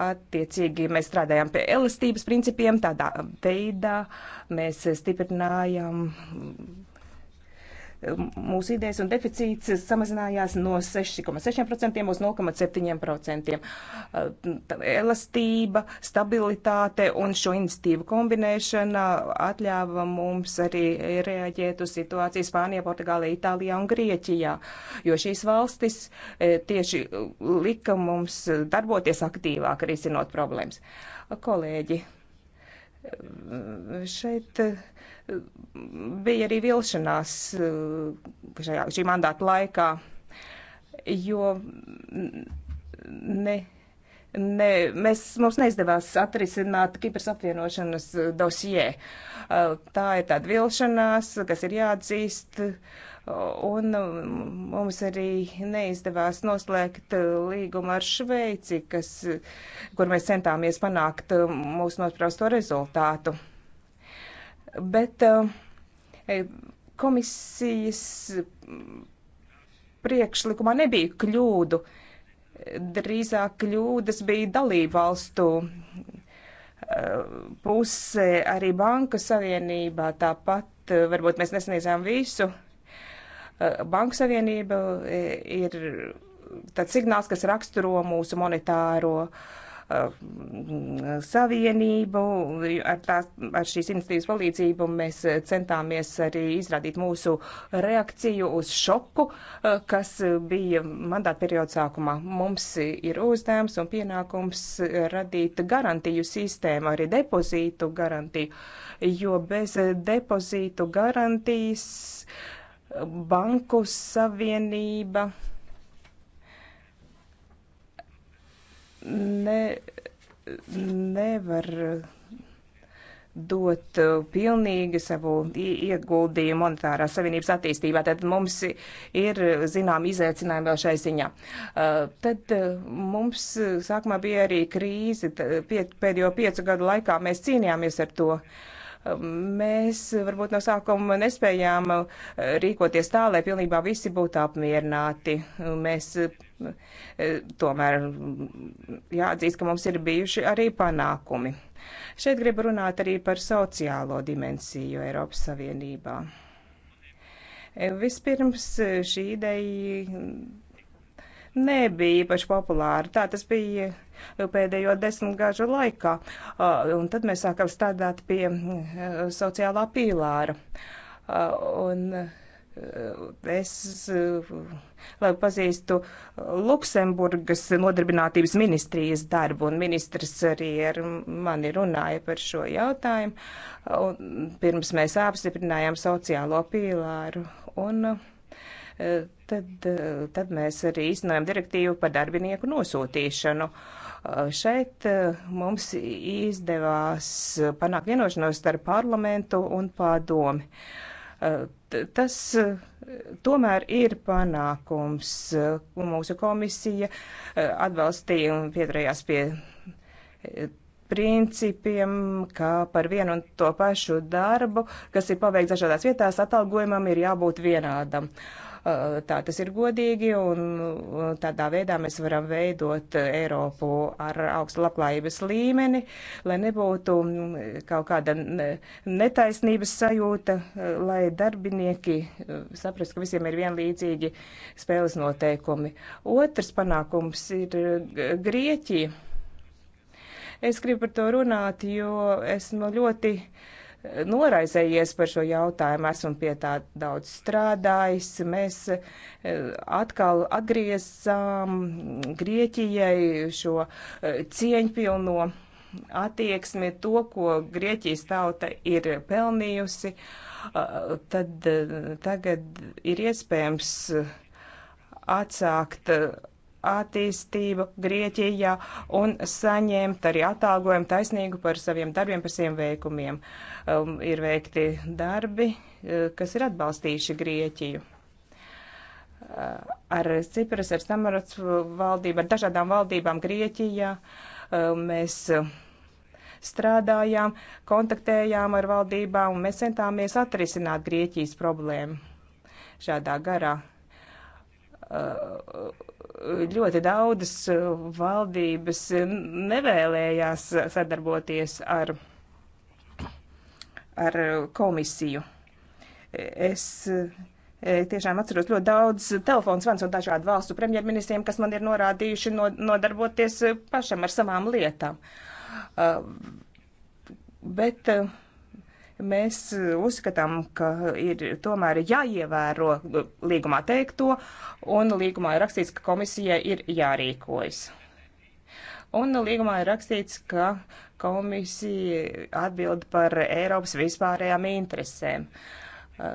Attiecīgi mēs strādājām pie elastības principiem, tādā veidā mēs stiprinājām mūsu idejas un deficīts samazinājās no 6,6% uz 0,7%. Elastība, stabilitāte un šo iniciatīvu kombinēšana atļāva mums arī reaģēt uz situāciju Spānijā, Portugālē, Itālijā un Grieķijā, jo šīs valstis e, tieši lika mums darboties aktīvāk, risinot problēmas. Kolēģi, Šeit eh, bija arī vilšanās eh, šajā, šī mandāta laikā, jo ne ne, mēs, mums neizdevās atrisināt Kipras apvienošanas dosijē. Uh, tā ir tāda vilšanās, kas ir jāatzīst, un mm, mums arī neizdevās noslēgt uh, līgumu ar Šveici, kas, kur mēs centāmies panākt uh, mūsu nospraustu rezultātu. Bet komisijas priekšlikumā nebija kļūdu. Uh, drīzāk kļūdas bija dalību valstu eh, puse arī Banku Savienībā. Tāpat eh, varbūt mēs nesniedzām visu. Eh, Banku Savienība ir tāds signāls, kas raksturo mūsu monetāro uh, Savienību. Ar, tās, ar šīs iniciatīvas palīdzību mēs centāmies arī izrādīt mūsu reakciju uz šoku, eh, kas bija mandāta perioda sākumā. Mums ir uzdevums un pienākums radīt garantiju sistēmu, arī depozītu garantiju, jo bez depozītu garantijas Banku savienība ne, nevar dot pilnīgi savu ieguldījumu monetārās savienības attīstībā. Tad mums ir zinām izaicinājumi vēl šai ziņā. Uh, tad uh, mums sākumā bija arī krīze. Pēdējo piecu gadu laikā mēs cīnījāmies ar to uh, mēs varbūt no sākuma nespējām rīkoties tā, lai pilnībā visi būtu apmierināti. Mēs E, tomēr jāatzīst, ka mums ir bijuši arī panākumi. Šeit gribu runāt arī par sociālo dimensiju Eiropas Savienībā. E, vispirms šī ideja nebija īpaši populāra. Tā tas bija pēdējo desmitgažu laikā. E, un tad mēs sākām strādāt pie sociālā pīlāra. Un Es labi pazīstu Luksemburgas nodarbinātības ministrijas darbu, un ministrs arī ar mani runāja par šo jautājumu, un pirms mēs apstiprinājām sociālo pīlāru. Un e, tad, e, tad mēs arī īstenojam direktīvu par darbinieku nosūtīšanu. E, šeit mums izdevās panākt vienošanos starp parlamentu un padomi. Uh, Tas eh, tomēr ir panākums. Eh, mūsu komisija eh, atbalstīja un pieturējās pie principiem, ka par vienu un to pašu darbu, kas ir paveikts dažādās vietās, atalgojumam ir jābūt vienādam. Uh, Eh, tā tas ir godīgi un eh, tādā veidā mēs varam veidot Eiropu ar augstu labklājības līmeni, lai nebūtu mm, kaut kāda netaisnības sajūta, eh, lai darbinieki saprast, ka visiem ir vienlīdzīgi spēles noteikumi. Otrs panākums ir Grieķija. Es gribu par to runāt, jo esmu ļoti uh, noraizējies par šo jautājumu, esmu pie tā daudz strādājis. Mēs eh, atkal atgriezām Grieķijai šo eh, cieņpilno attieksmi, to, ko Grieķijas tauta ir pelnījusi, eh, tad tagad ir iespējams atsākt attīstību Grieķijā un saņemt arī atalgojumu taisnīgu par saviem darbiem, par saviem veikumiem. Um, ir veikti darbi, uh, kas ir atbalstījuši Grieķiju. Uh, ar Cipras, ar Samarats valdību, ar dažādām valdībām Grieķijā uh, mēs strādājām, kontaktējām ar valdībām un mēs centāmies atrisināt Grieķijas problēmu šādā garā ļoti daudzas valdības nevēlējās sadarboties ar, ar komisiju. Es eh, tiešām atceros ļoti daudz telefonu zvans no dažādu valstu premjerministriem, kas man ir norādījuši no, nodarboties pašam ar savām lietām. Eh, bet uh, Mēs e, uzskatām, ka ir tomēr jāievēro e, līgumā teikto, un līgumā ir rakstīts, ka komisija ir jārīkojas. Un līgumā ir rakstīts, ka komisija atbild par Eiropas vispārējām interesēm. E,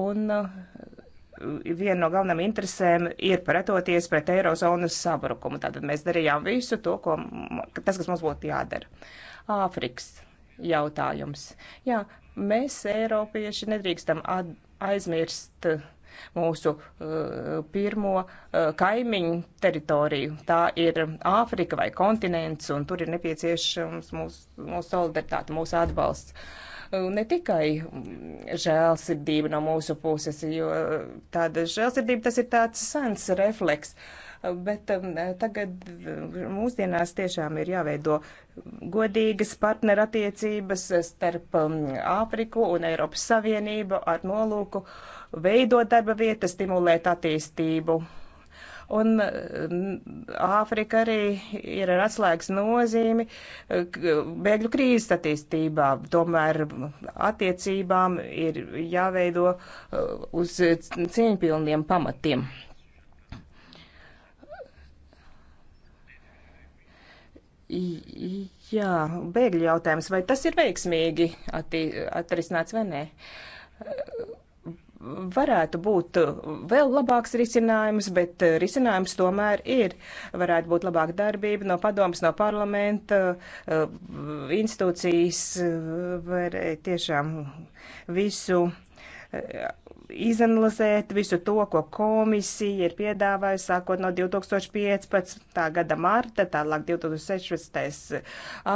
un viena no galvenām interesēm ir pretoties pret eirozonas sabrukumu. Tātad mēs darījām visu to, ko, tas, kas mums būtu jādara. Āfrikas jautājums. Jā, mēs, Eiropieši, nedrīkstam aizmirst mūsu uh, pirmo uh, kaimiņu teritoriju. Tā ir Āfrika vai kontinents, un tur ir nepieciešams mūsu, mūsu solidaritāte, mūsu atbalsts. Uh, ne tikai žēlsirdība no mūsu puses, jo uh, tāda žēlsirdība tas ir tāds sens refleks. Uh, bet um, tagad um, mūsdienās tiešām ir jāveido godīgas partnerattiecības starp um, Āfriku un Eiropas Savienību ar nolūku veidot darba vietas, stimulēt attīstību. Un Āfrika arī ir ar atslēgas nozīmi uh, bēgļu krīzes attīstībā. Tomēr attiecībām ir jāveido uh, uz cieņpilniem pamatiem. Jā, bēgļu jautājums, vai tas ir veiksmīgi atrisināts vai nē? Varētu būt vēl labāks risinājums, bet risinājums tomēr ir. Varētu būt labāka darbība no padomas, no parlamenta, institūcijas, var tiešām visu izanalizēt visu to, ko komisija ir piedāvājusi sākot no 2015. gada marta, tālāk 2016.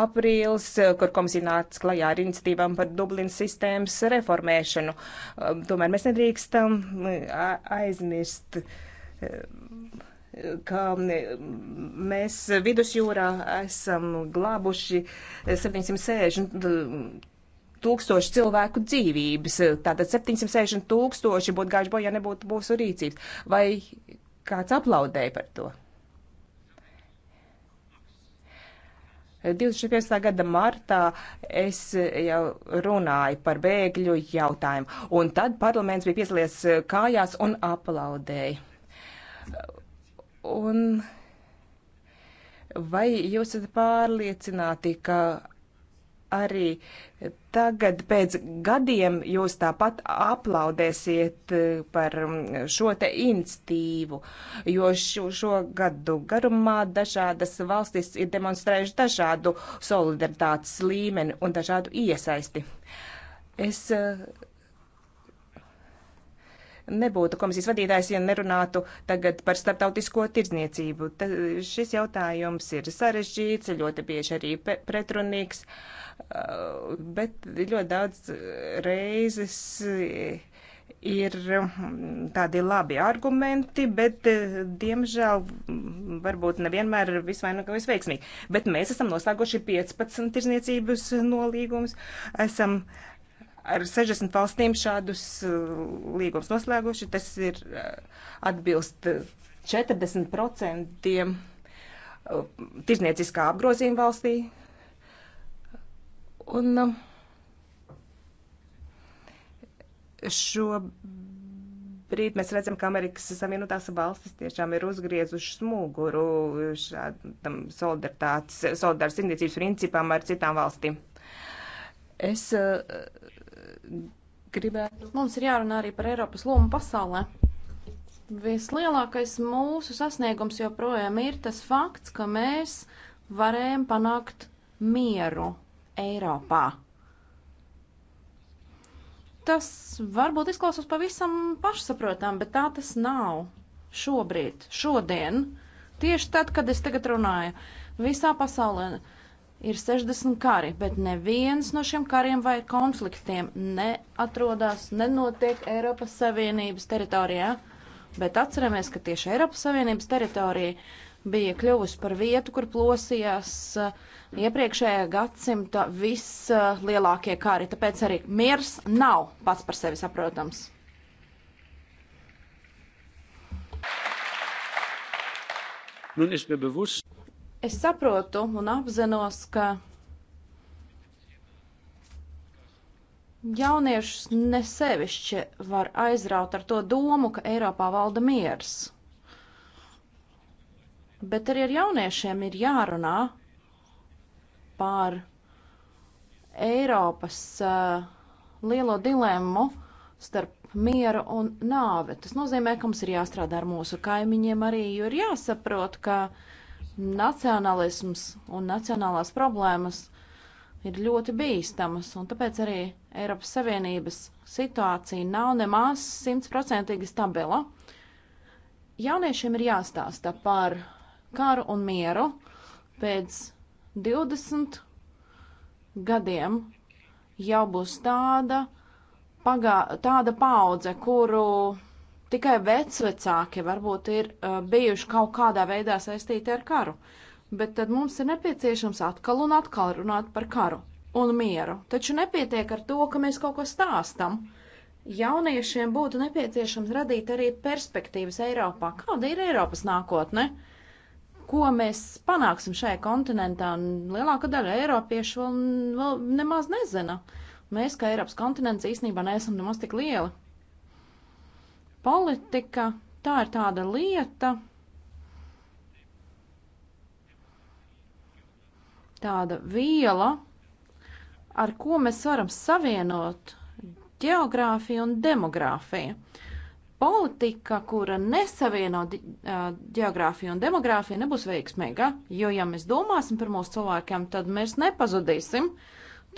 aprīlis, kur komisija nāca klajā ar iniciatīvām par Dublinas sistēmas reformēšanu. Um, tomēr mēs nedrīkstam um, aizmirst um, ka mēs vidusjūrā esam glābuši 760 eh, tūkstoši cilvēku dzīvības. Tātad 760 tūkstoši būtu gājuši bojā, ja nebūtu mūsu rīcības. Vai kāds aplaudēja par to? 25. gada martā es jau runāju par bēgļu jautājumu, un tad parlaments bija piesalies kājās un aplaudēja. Un vai jūs esat pārliecināti, ka arī tagad pēc gadiem jūs tāpat aplaudēsiet eh, par mm, šo te institīvu, jo šo, šo gadu garumā dažādas valstis ir demonstrējuši dažādu solidaritātes līmeni un dažādu iesaisti. Es uh, nebūtu komisijas vadītājs, ja nerunātu tagad par starptautisko tirdzniecību. Tad šis jautājums ir sarežģīts, ļoti bieži arī pretrunīgs, uh, bet ļoti daudz reizes ir mm, tādi labi argumenti, bet, eh, diemžēl, mm, varbūt nevienmēr ir visvainīgais veiksmīgi. Bet mēs esam noslēguši 15 tirzniecības nolīgumus, esam uh, ar 60 valstīm šādus uh, līgumus noslēguši. Tas ir uh, atbilst 40% uh, tirzniecīskā apgrozījuma valstī. Un um, šobrīd mēs redzam, ka Amerikas Savienotās valstis tiešām ir uzgriezušas muguru šādam solidaritātes, solidaritātes tirzniecības principam ar citām valstīm. Es uh, gribētu. Mums ir jārunā arī par Eiropas lomu pasaulē. Vislielākais mūsu sasniegums joprojām ir tas fakts, ka mēs varējām panākt mieru Eiropā. Tas varbūt izklausās pavisam pašsaprotam, bet tā tas nav šobrīd, šodien. Tieši tad, kad es tagad runāju, visā pasaulē ir 60 kari, bet neviens no šiem kariem vai konfliktiem neatrodās, nenotiek Eiropas Savienības teritorijā. Bet atceramies, ka tieši Eiropas Savienības teritorija bija kļuvusi par vietu, kur plosījās uh, iepriekšējā gadsimta vislielākie kari. Tāpēc arī miers nav pats par sevi saprotams. Nun ist mir bewusst, Es saprotu un apzinos, ka jauniešus nesevišķi var aizraut ar to domu, ka Eiropā valda miers. Bet arī ar jauniešiem ir jārunā par Eiropas uh, lielo dilemmu starp mieru un nāvi. Tas nozīmē, ka mums ir jāstrādā ar mūsu kaimiņiem arī, jo ir jāsaprot, ka uh, nacionālisms un nacionālās problēmas ir ļoti bīstamas, un tāpēc arī Eiropas Savienības situācija nav nemaz simtprocentīgi stabila. Jauniešiem ir jāstāsta par karu un mieru pēc 20 gadiem jau būs tāda, pagā, tāda paudze, kuru Tikai vecvecāki varbūt ir uh, bijuši kaut kādā veidā saistīti ar karu, bet tad mums ir nepieciešams atkal un atkal runāt par karu un mieru. Taču nepietiek ar to, ka mēs kaut ko stāstam. Jauniešiem būtu nepieciešams radīt arī perspektīvas Eiropā. Kāda ir Eiropas nākotne? Ko mēs panāksim šajā kontinentā? Un lielāka daļa eiropiešu vēl, vēl nemaz nezina. Mēs, kā Eiropas kontinents, īstenībā neesam nemaz tik lieli. Politika tā ir tāda lieta, tāda viela, ar ko mēs varam savienot geogrāfiju un demogrāfiju. Politika, kura nesavieno geogrāfiju un demogrāfiju, nebūs veiksmīga, jo, ja mēs domāsim par mūsu cilvēkiem, tad mēs nepazudīsim.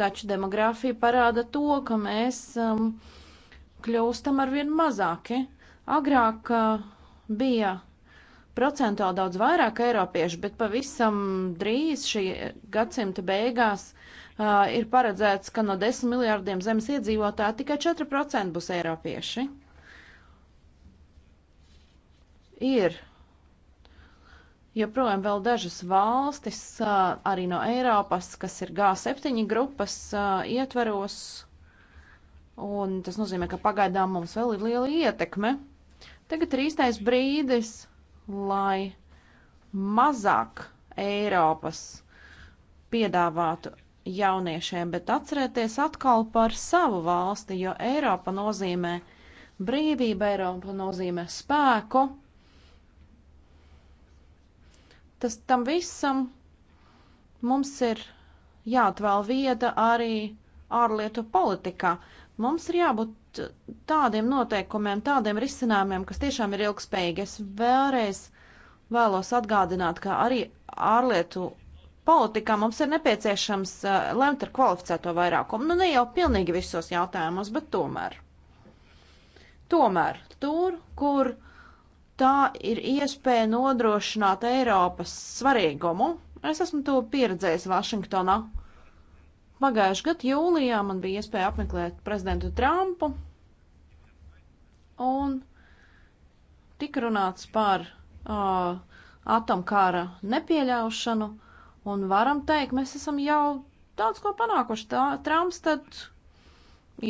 Taču demogrāfija parāda to, ka mēs um, uh, kļūstam ar vien mazāki. Agrāk uh, bija procentuāli daudz vairāk eiropiešu, bet pavisam drīz šī gadsimta beigās uh, ir paredzēts, ka no 10 miljārdiem zemes iedzīvotāji tikai 4% būs eiropieši. Ir joprojām vēl dažas valstis, uh, arī no Eiropas, kas ir G7 grupas uh, ietveros Un tas nozīmē, ka pagaidām mums vēl ir liela ietekme. Tagad ir īstais brīdis, lai mazāk Eiropas piedāvātu jauniešiem, bet atcerēties atkal par savu valsti, jo Eiropa nozīmē brīvību, Eiropa nozīmē spēku. Tas tam visam mums ir jāatvēl vieta arī ārlietu politikā. Mums ir jābūt tādiem noteikumiem, tādiem risinājumiem, kas tiešām ir ilgspējīgi. Es vēlreiz vēlos atgādināt, ka arī ārlietu politikā mums ir nepieciešams uh, lemt ar kvalificēto vairākumu. Nu, ne jau pilnīgi visos jautājumos, bet tomēr. Tomēr tur, kur tā ir iespēja nodrošināt Eiropas svarīgumu, es esmu to pieredzējis Vašingtonā, Pagājušajā gadā jūlijā man bija iespēja apmeklēt prezidentu Trumpu, un tika runāts par uh, atomkara nepieļaušanu, un varam teikt, mēs esam jau daudz ko panākuši. Tā, Trumps tad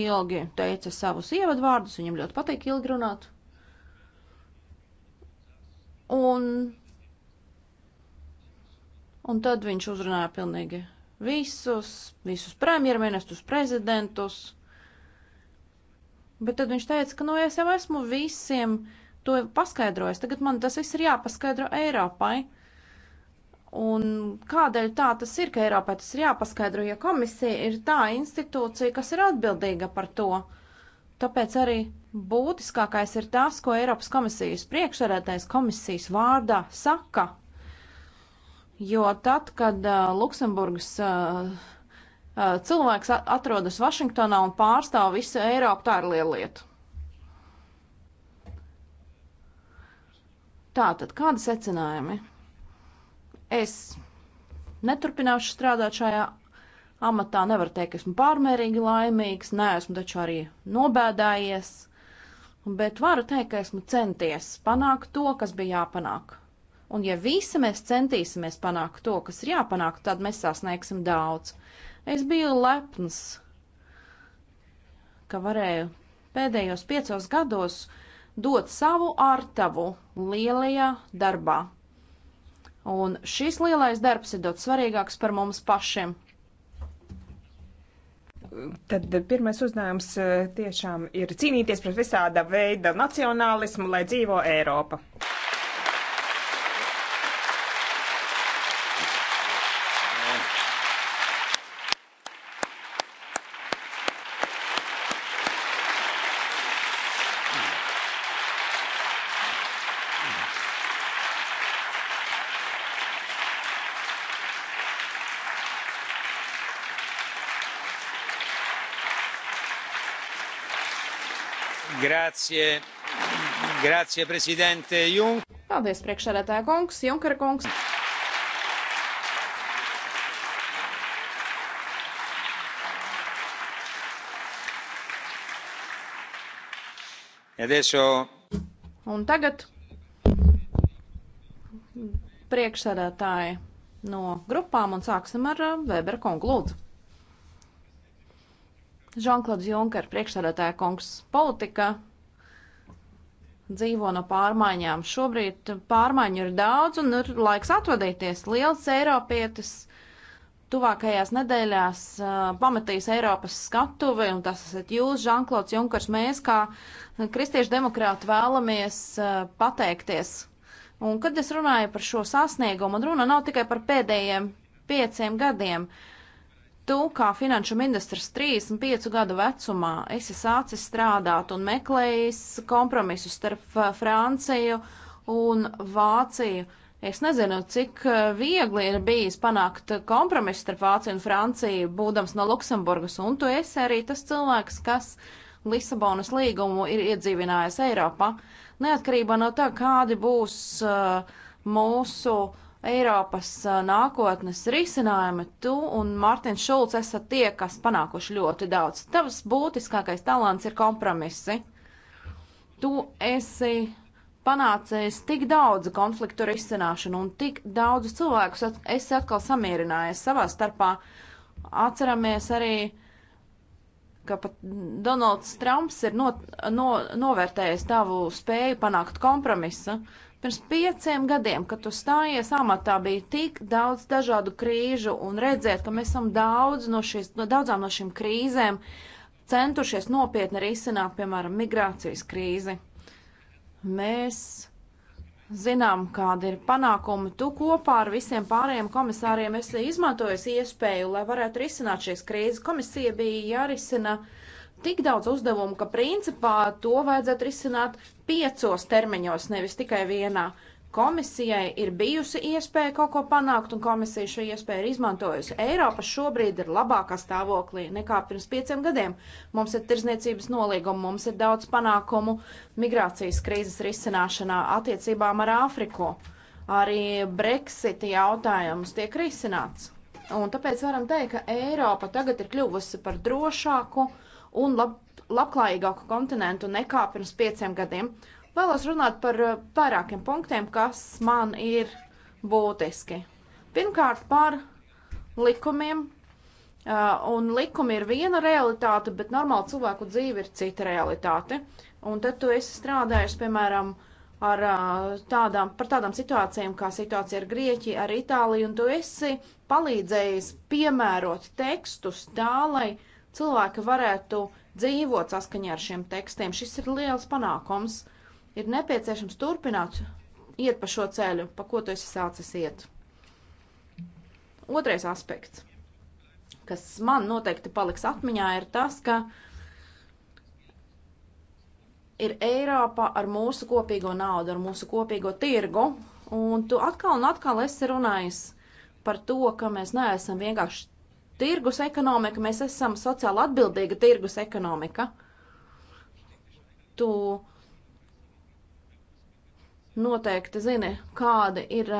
ilgi teica savus ievadvārdus, viņam ļoti patīk ilgi runāt. Un, un tad viņš uzrunāja pilnīgi visus, visus premjerministrus, prezidentus. Bet tad viņš teica, ka nu es jau esmu visiem to paskaidrojis, tagad man tas viss ir jāpaskaidro Eiropai. Un kādēļ tā tas ir, ka Eiropai tas ir jāpaskaidro, ja komisija ir tā institūcija, kas ir atbildīga par to? Tāpēc arī būtiskākais ir tas, ko Eiropas komisijas priekšsēdētais komisijas vārdā saka. Jo tad, kad uh, Luksemburgas uh, uh, cilvēks atrodas Vašingtonā un pārstāv visu Eiropu, tā ir liela lieta. Tātad, kādi secinājumi? Es neturpināšu strādāt šajā amatā. Nevar teikt, ka esmu pārmērīgi laimīgs, nē, esmu taču arī nobēdājies. Bet varu teikt, ka esmu centies panākt to, kas bija jāpanāk. Un ja visi mēs centīsimies panākt to, kas ir jāpanāk, tad mēs sasniegsim daudz. Es biju lepns, ka varēju pēdējos piecos gados dot savu artavu lielajā darbā. Un šis lielais darbs ir daudz svarīgāks par mums pašiem. Tad pirmais uzdevums eh, tiešām ir cīnīties pret visāda veida nacionālismu, lai dzīvo Eiropa. Grazie. Grazie, prezidente Junk. Paldies, priekšsēdētāja kungs, Junkara kungs. Adesso... Un tagad priekšsēdētāji no grupām un sāksim ar eh, Weber kungu lūdzu. Žanklods Junker, priekšsēdētāja kungs, politika dzīvo no pārmaiņām. Šobrīd pārmaiņu ir daudz un ir laiks atvadīties. Liels Eiropietis tuvākajās nedēļās uh, pametīs Eiropas skatuvi, un tas esat jūs, Žanklods Junkers, mēs kā kristiešu demokrāti vēlamies uh, pateikties. Un kad es runāju par šo sasniegumu, un runa nav tikai par pēdējiem pieciem gadiem, uh, Tu, kā finanšu ministrs, 35 gadu vecumā esi sācis strādāt un meklējis kompromisu starp eh, Franciju un Vāciju. Es nezinu, cik eh, viegli ir bijis panākt kompromisu starp Vāciju un Franciju, būdams no Luksemburgas, un tu esi arī tas cilvēks, kas Lisabonas līgumu ir iedzīvinājis Eiropā. Neatkarībā no tā, kādi būs uh, mūsu uh, Eiropas nākotnes risinājumi, tu un Mārtiņš Šulcs esat tie, kas panākuši ļoti daudz. Tavs būtiskākais talants ir kompromisi. Tu esi panācis tik daudz konfliktu risināšanu un tik daudz cilvēkus esi atkal samierinājies savā starpā. Atceramies arī, ka pat Donalds Trumps ir no, no, novērtējis tavu spēju panākt kompromisu. Pirms pieciem gadiem, kad tu stājies amatā, bija tik daudz dažādu krīžu un redzēt, ka mēs esam daudz no šīs, no daudzām no šīm krīzēm centušies nopietni risināt, piemēram, migrācijas krīzi. Mēs zinām, kāda ir panākumi. Tu kopā ar visiem pārējiem komisāriem esi izmantojis iespēju, lai varētu risināt šīs krīzes. Komisija bija jārisina. Uh, tik daudz uzdevumu, ka principā to vajadzētu risināt piecos termiņos, nevis tikai vienā. Komisijai ir bijusi iespēja kaut ko panākt, un komisija šo iespēju ir izmantojusi. Eiropa šobrīd ir labākā stāvoklī nekā pirms pieciem gadiem. Mums ir tirzniecības nolīguma, mums ir daudz panākumu migrācijas krīzes risināšanā, attiecībām ar Āfriku. Arī Brexit jautājums tiek risināts. Un tāpēc varam teikt, ka Eiropa tagad ir kļuvusi par drošāku, uh, un lab, labklājīgāku kontinentu nekā pirms pieciem gadiem. Vēlos runāt par eh, vairākiem punktiem, kas man ir būtiski. Pirmkārt, par likumiem. Uh, un likumi ir viena realitāte, bet normāla cilvēku dzīve ir cita realitāte. Un tad tu esi strādājis, piemēram, ar uh, tādām, par tādām situācijām, kā situācija ar Grieķiju, ar Itāliju, un tu esi palīdzējis piemērot tekstus tā, lai uh, cilvēki varētu dzīvot saskaņā ar šiem tekstiem. Šis ir liels panākums. Ir nepieciešams turpināt iet pa šo ceļu, pa ko tu esi sācis iet. Otrais aspekts, kas man noteikti paliks atmiņā, ir tas, ka ir Eiropa ar mūsu kopīgo naudu, ar mūsu kopīgo tirgu, un tu atkal un atkal esi runājis par to, ka mēs neesam vienkārši tirgus ekonomika, mēs esam sociāli atbildīga tirgus ekonomika. Tu noteikti zini, kādi ir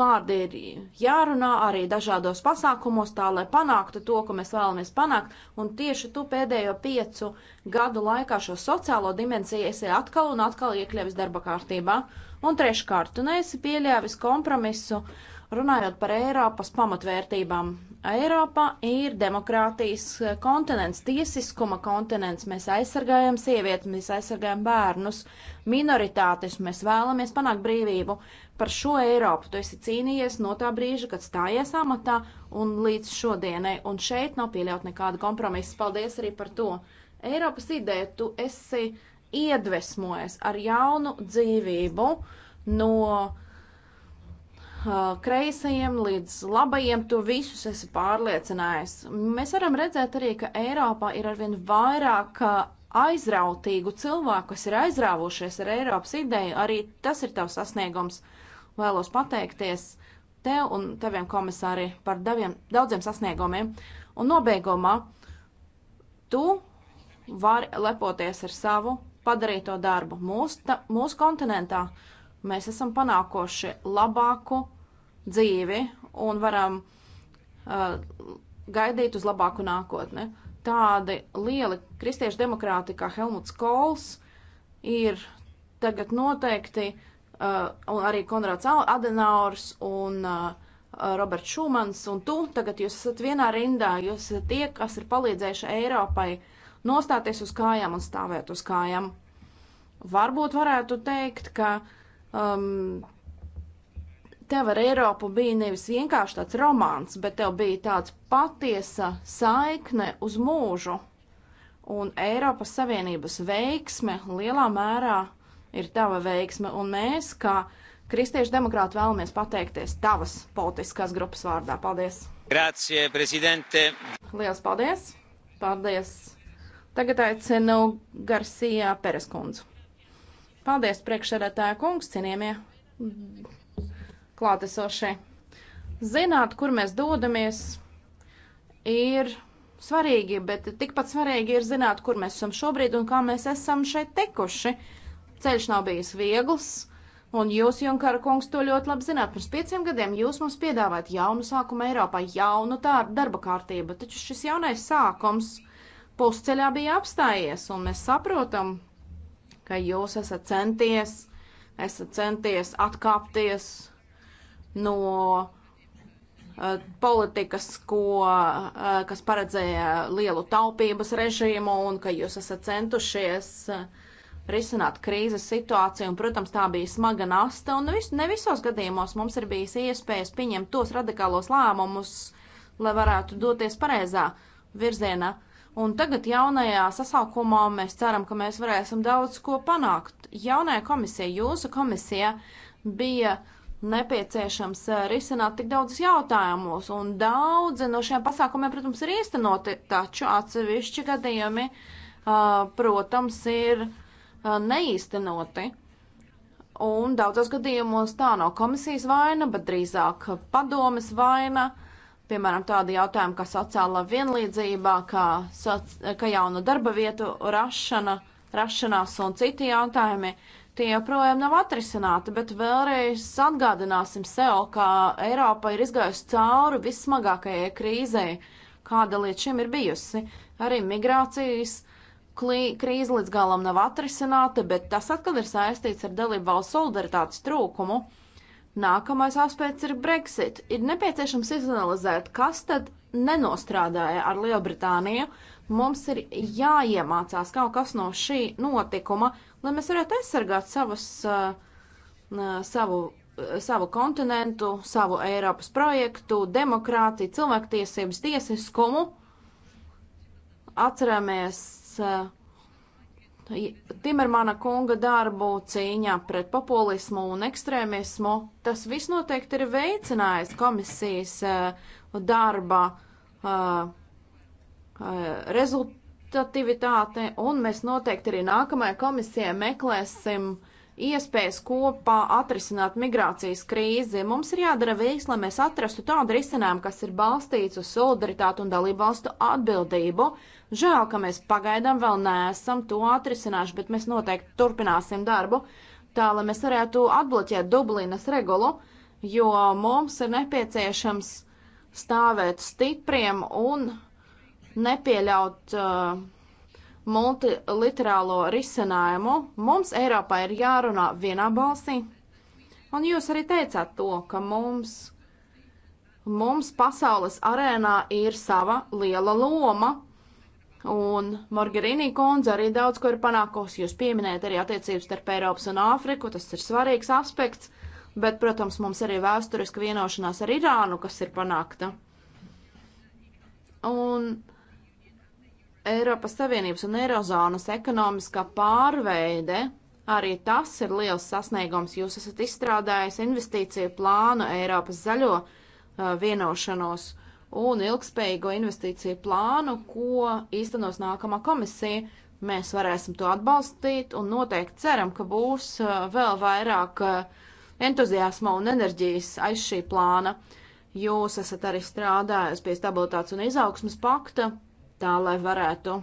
vārdi ir jārunā arī dažādos pasākumos, tā lai panāktu to, ko mēs vēlamies panākt. Un tieši tu pēdējo piecu gadu laikā šo sociālo dimensiju esi atkal un atkal iekļāvis darba kārtībā. Un treškārt, tu neesi pieļāvis kompromisu uh, Runājot par Eiropas pamatvērtībām, Eiropa ir demokrātijas kontinents, tiesiskuma kontinents. Mēs aizsargājam sievietes, mēs aizsargājam bērnus, minoritātes, mēs vēlamies panākt brīvību. Par šo Eiropu tu esi cīnījies no tā brīža, kad stājies amatā un līdz šodienai, un šeit nav pieļaut nekāda kompromisa. Paldies arī par to. Eiropas ideja, tu esi iedvesmojies ar jaunu dzīvību no kreisajiem līdz labajiem, to visus esi pārliecinājis. Mēs varam redzēt arī, ka Eiropā ir arvien vairāk aizrautīgu cilvēku, kas ir aizrāvušies ar Eiropas ideju. Arī tas ir tavs sasniegums. Vēlos pateikties tev un taviem komisāri par daviem, daudziem sasniegumiem. Un nobeigumā tu vari lepoties ar savu padarīto darbu mūsu, ta, mūsu kontinentā. Uh, mēs esam panākoši labāku dzīvi un varam uh, gaidīt uz labāku nākotni. Tādi lieli kristiešu demokrāti kā Helmuts Kols ir tagad noteikti, uh, un arī Konrads Adenaurs un uh, Roberts Šumans un tu, tagad jūs esat vienā rindā, jūs esat tie, kas ir palīdzējuši Eiropai nostāties uz kājām un stāvēt uz kājām. Varbūt varētu teikt, ka uh, um, tev ar Eiropu bija nevis vienkārši tāds romāns, bet tev bija tāds patiesa saikne uz mūžu. Un Eiropas Savienības veiksme lielā mērā ir tava veiksme, un mēs, kā kristiešu demokrāti, vēlamies pateikties tavas politiskās grupas vārdā. Paldies! Grācie, prezidente! Lielas paldies! Paldies! Tagad aicinu Garcia Pereskundzu. Paldies, priekšsēdētāja kungs, cienījamie klātesošie. Zināt, kur mēs dodamies, ir svarīgi, bet tikpat svarīgi ir zināt, kur mēs esam šobrīd un kā mēs esam šeit tekuši. Ceļš nav bijis viegls, un jūs, Junkara kungs, to ļoti labi zināt. Pirms pieciem gadiem jūs mums piedāvājat jaunu sākumu Eiropā, jaunu tā darba kārtību, taču šis jaunais sākums pusceļā bija apstājies, un mēs saprotam, ka jūs esat centies, esat centies atkāpties no uh, politikas, ko, uh, kas paredzēja lielu taupības režīmu un ka jūs esat centušies uh, risināt krīzes situāciju, un, protams, tā bija smaga nasta, un vis, ne visos gadījumos mums ir bijis iespējas pieņemt tos radikālos lēmumus, lai varētu doties pareizā virzienā. Un tagad jaunajā sasaukumā mēs ceram, ka mēs varēsim daudz ko panākt. Jaunajā komisija, jūsu komisija, bija nepieciešams eh, risināt tik daudz jautājumus, un daudzi no šiem pasākumiem, protams, ir īstenoti, taču atsevišķi gadījumi, eh, protams, ir eh, neīstenoti. Un daudzos gadījumos tā nav komisijas vaina, bet drīzāk padomes vaina. Uh, piemēram, tādi jautājumi kā sociālā vienlīdzība, kā, soc, kā jaunu darba vietu rašana, rašanās un citi jautājumi, tie joprojām nav atrisināti, bet vēlreiz atgādināsim sev, ka Eiropa ir izgājusi cauri vissmagākajai krīzei, kāda līdz šim ir bijusi. Arī migrācijas krīze līdz galam nav atrisināta, bet tas atkal ir saistīts ar dalību valsts solidaritātes trūkumu. Uh, Nākamais aspekts ir Brexit. Ir nepieciešams izanalizēt, kas tad nenostrādāja ar Lielbritāniju. Mums ir jāiemācās kaut kas no šī notikuma, lai mēs varētu aizsargāt savas, uh, uh, savu, uh, savu kontinentu, savu Eiropas projektu, demokrātiju, cilvēktiesības, tiesiskumu. Atceramies uh, Timermana kunga darbu cīņā pret populismu un ekstrēmismu. Tas viss noteikti ir veicinājis komisijas eh, darba eh, eh, rezultatīvitāte, un mēs noteikti arī nākamajā komisijā meklēsim iespējas kopā atrisināt migrācijas krīzi. Mums ir jādara viss, lai mēs atrastu tādu risinājumu, kas ir balstīts uz solidaritātu un dalību valstu atbildību. Uh, Žēl, ka mēs pagaidām vēl neesam to atrisinājuši, bet mēs noteikti turpināsim darbu, tā lai mēs varētu atbloķēt Dublinas regulu, jo mums ir nepieciešams stāvēt stipriem un nepieļaut uh, multiliterālo risinājumu. Mums Eiropā ir jārunā vienā balsī, un jūs arī teicāt to, ka mums, mums pasaules arēnā ir sava liela loma Un Margarīnī kundze arī daudz ko ir panākusi. Jūs pieminējat arī attiecības starp Eiropas un Āfriku, tas ir svarīgs aspekts, bet, protams, mums arī vēsturiska vienošanās ar Irānu, kas ir panākta. Un Eiropas Savienības un Eirozonas ekonomiskā pārveide, arī tas ir liels sasniegums. Jūs esat izstrādājis investīciju plānu Eiropas zaļo uh, vienošanos. Uh, un ilgspējīgo investīciju plānu, ko īstenos nākamā komisija. Mēs varēsim to atbalstīt un noteikti ceram, ka būs uh, vēl vairāk uh, entuziasma un enerģijas aiz šī plāna. Jūs esat arī strādājis pie stabilitātes un izaugsmas pakta, tā lai varētu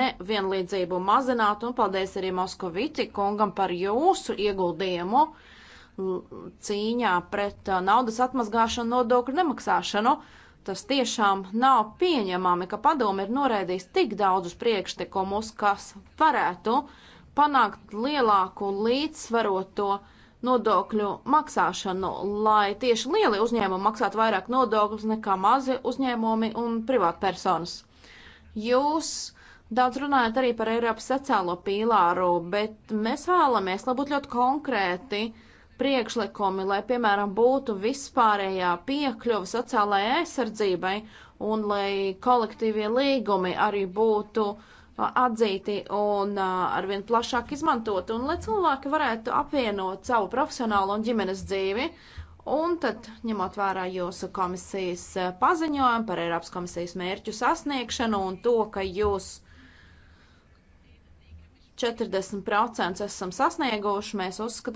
nevienlīdzību mazināt, un paldies arī Moskovici kungam par jūsu ieguldījumu cīņā pret uh, naudas atmazgāšanu, nodokļu nemaksāšanu. Tas tiešām nav pieņemami, ka padomi ir noraidījis tik daudzus priekšlikumus, kas varētu panākt lielāku līdzsvaroto nodokļu maksāšanu, lai tieši lieli uzņēmumi maksātu vairāk nodokļus nekā mazi uzņēmumi un privātpersonas. Jūs Daudz runājot arī par Eiropas sociālo pīlāru, bet mēs vēlamies, lai būtu ļoti konkrēti priekšlikumi, lai, piemēram, būtu vispārējā piekļuva sociālajai aizsardzībai un lai kolektīvie līgumi arī būtu atzīti un arvien plašāk izmantoti, un lai cilvēki varētu apvienot savu profesionālo un ģimenes dzīvi. Un tad, ņemot vērā jūsu komisijas paziņojumu par Eiropas komisijas mērķu sasniegšanu un to, ka jūs 40% esam sasnieguši, mēs uzskatām,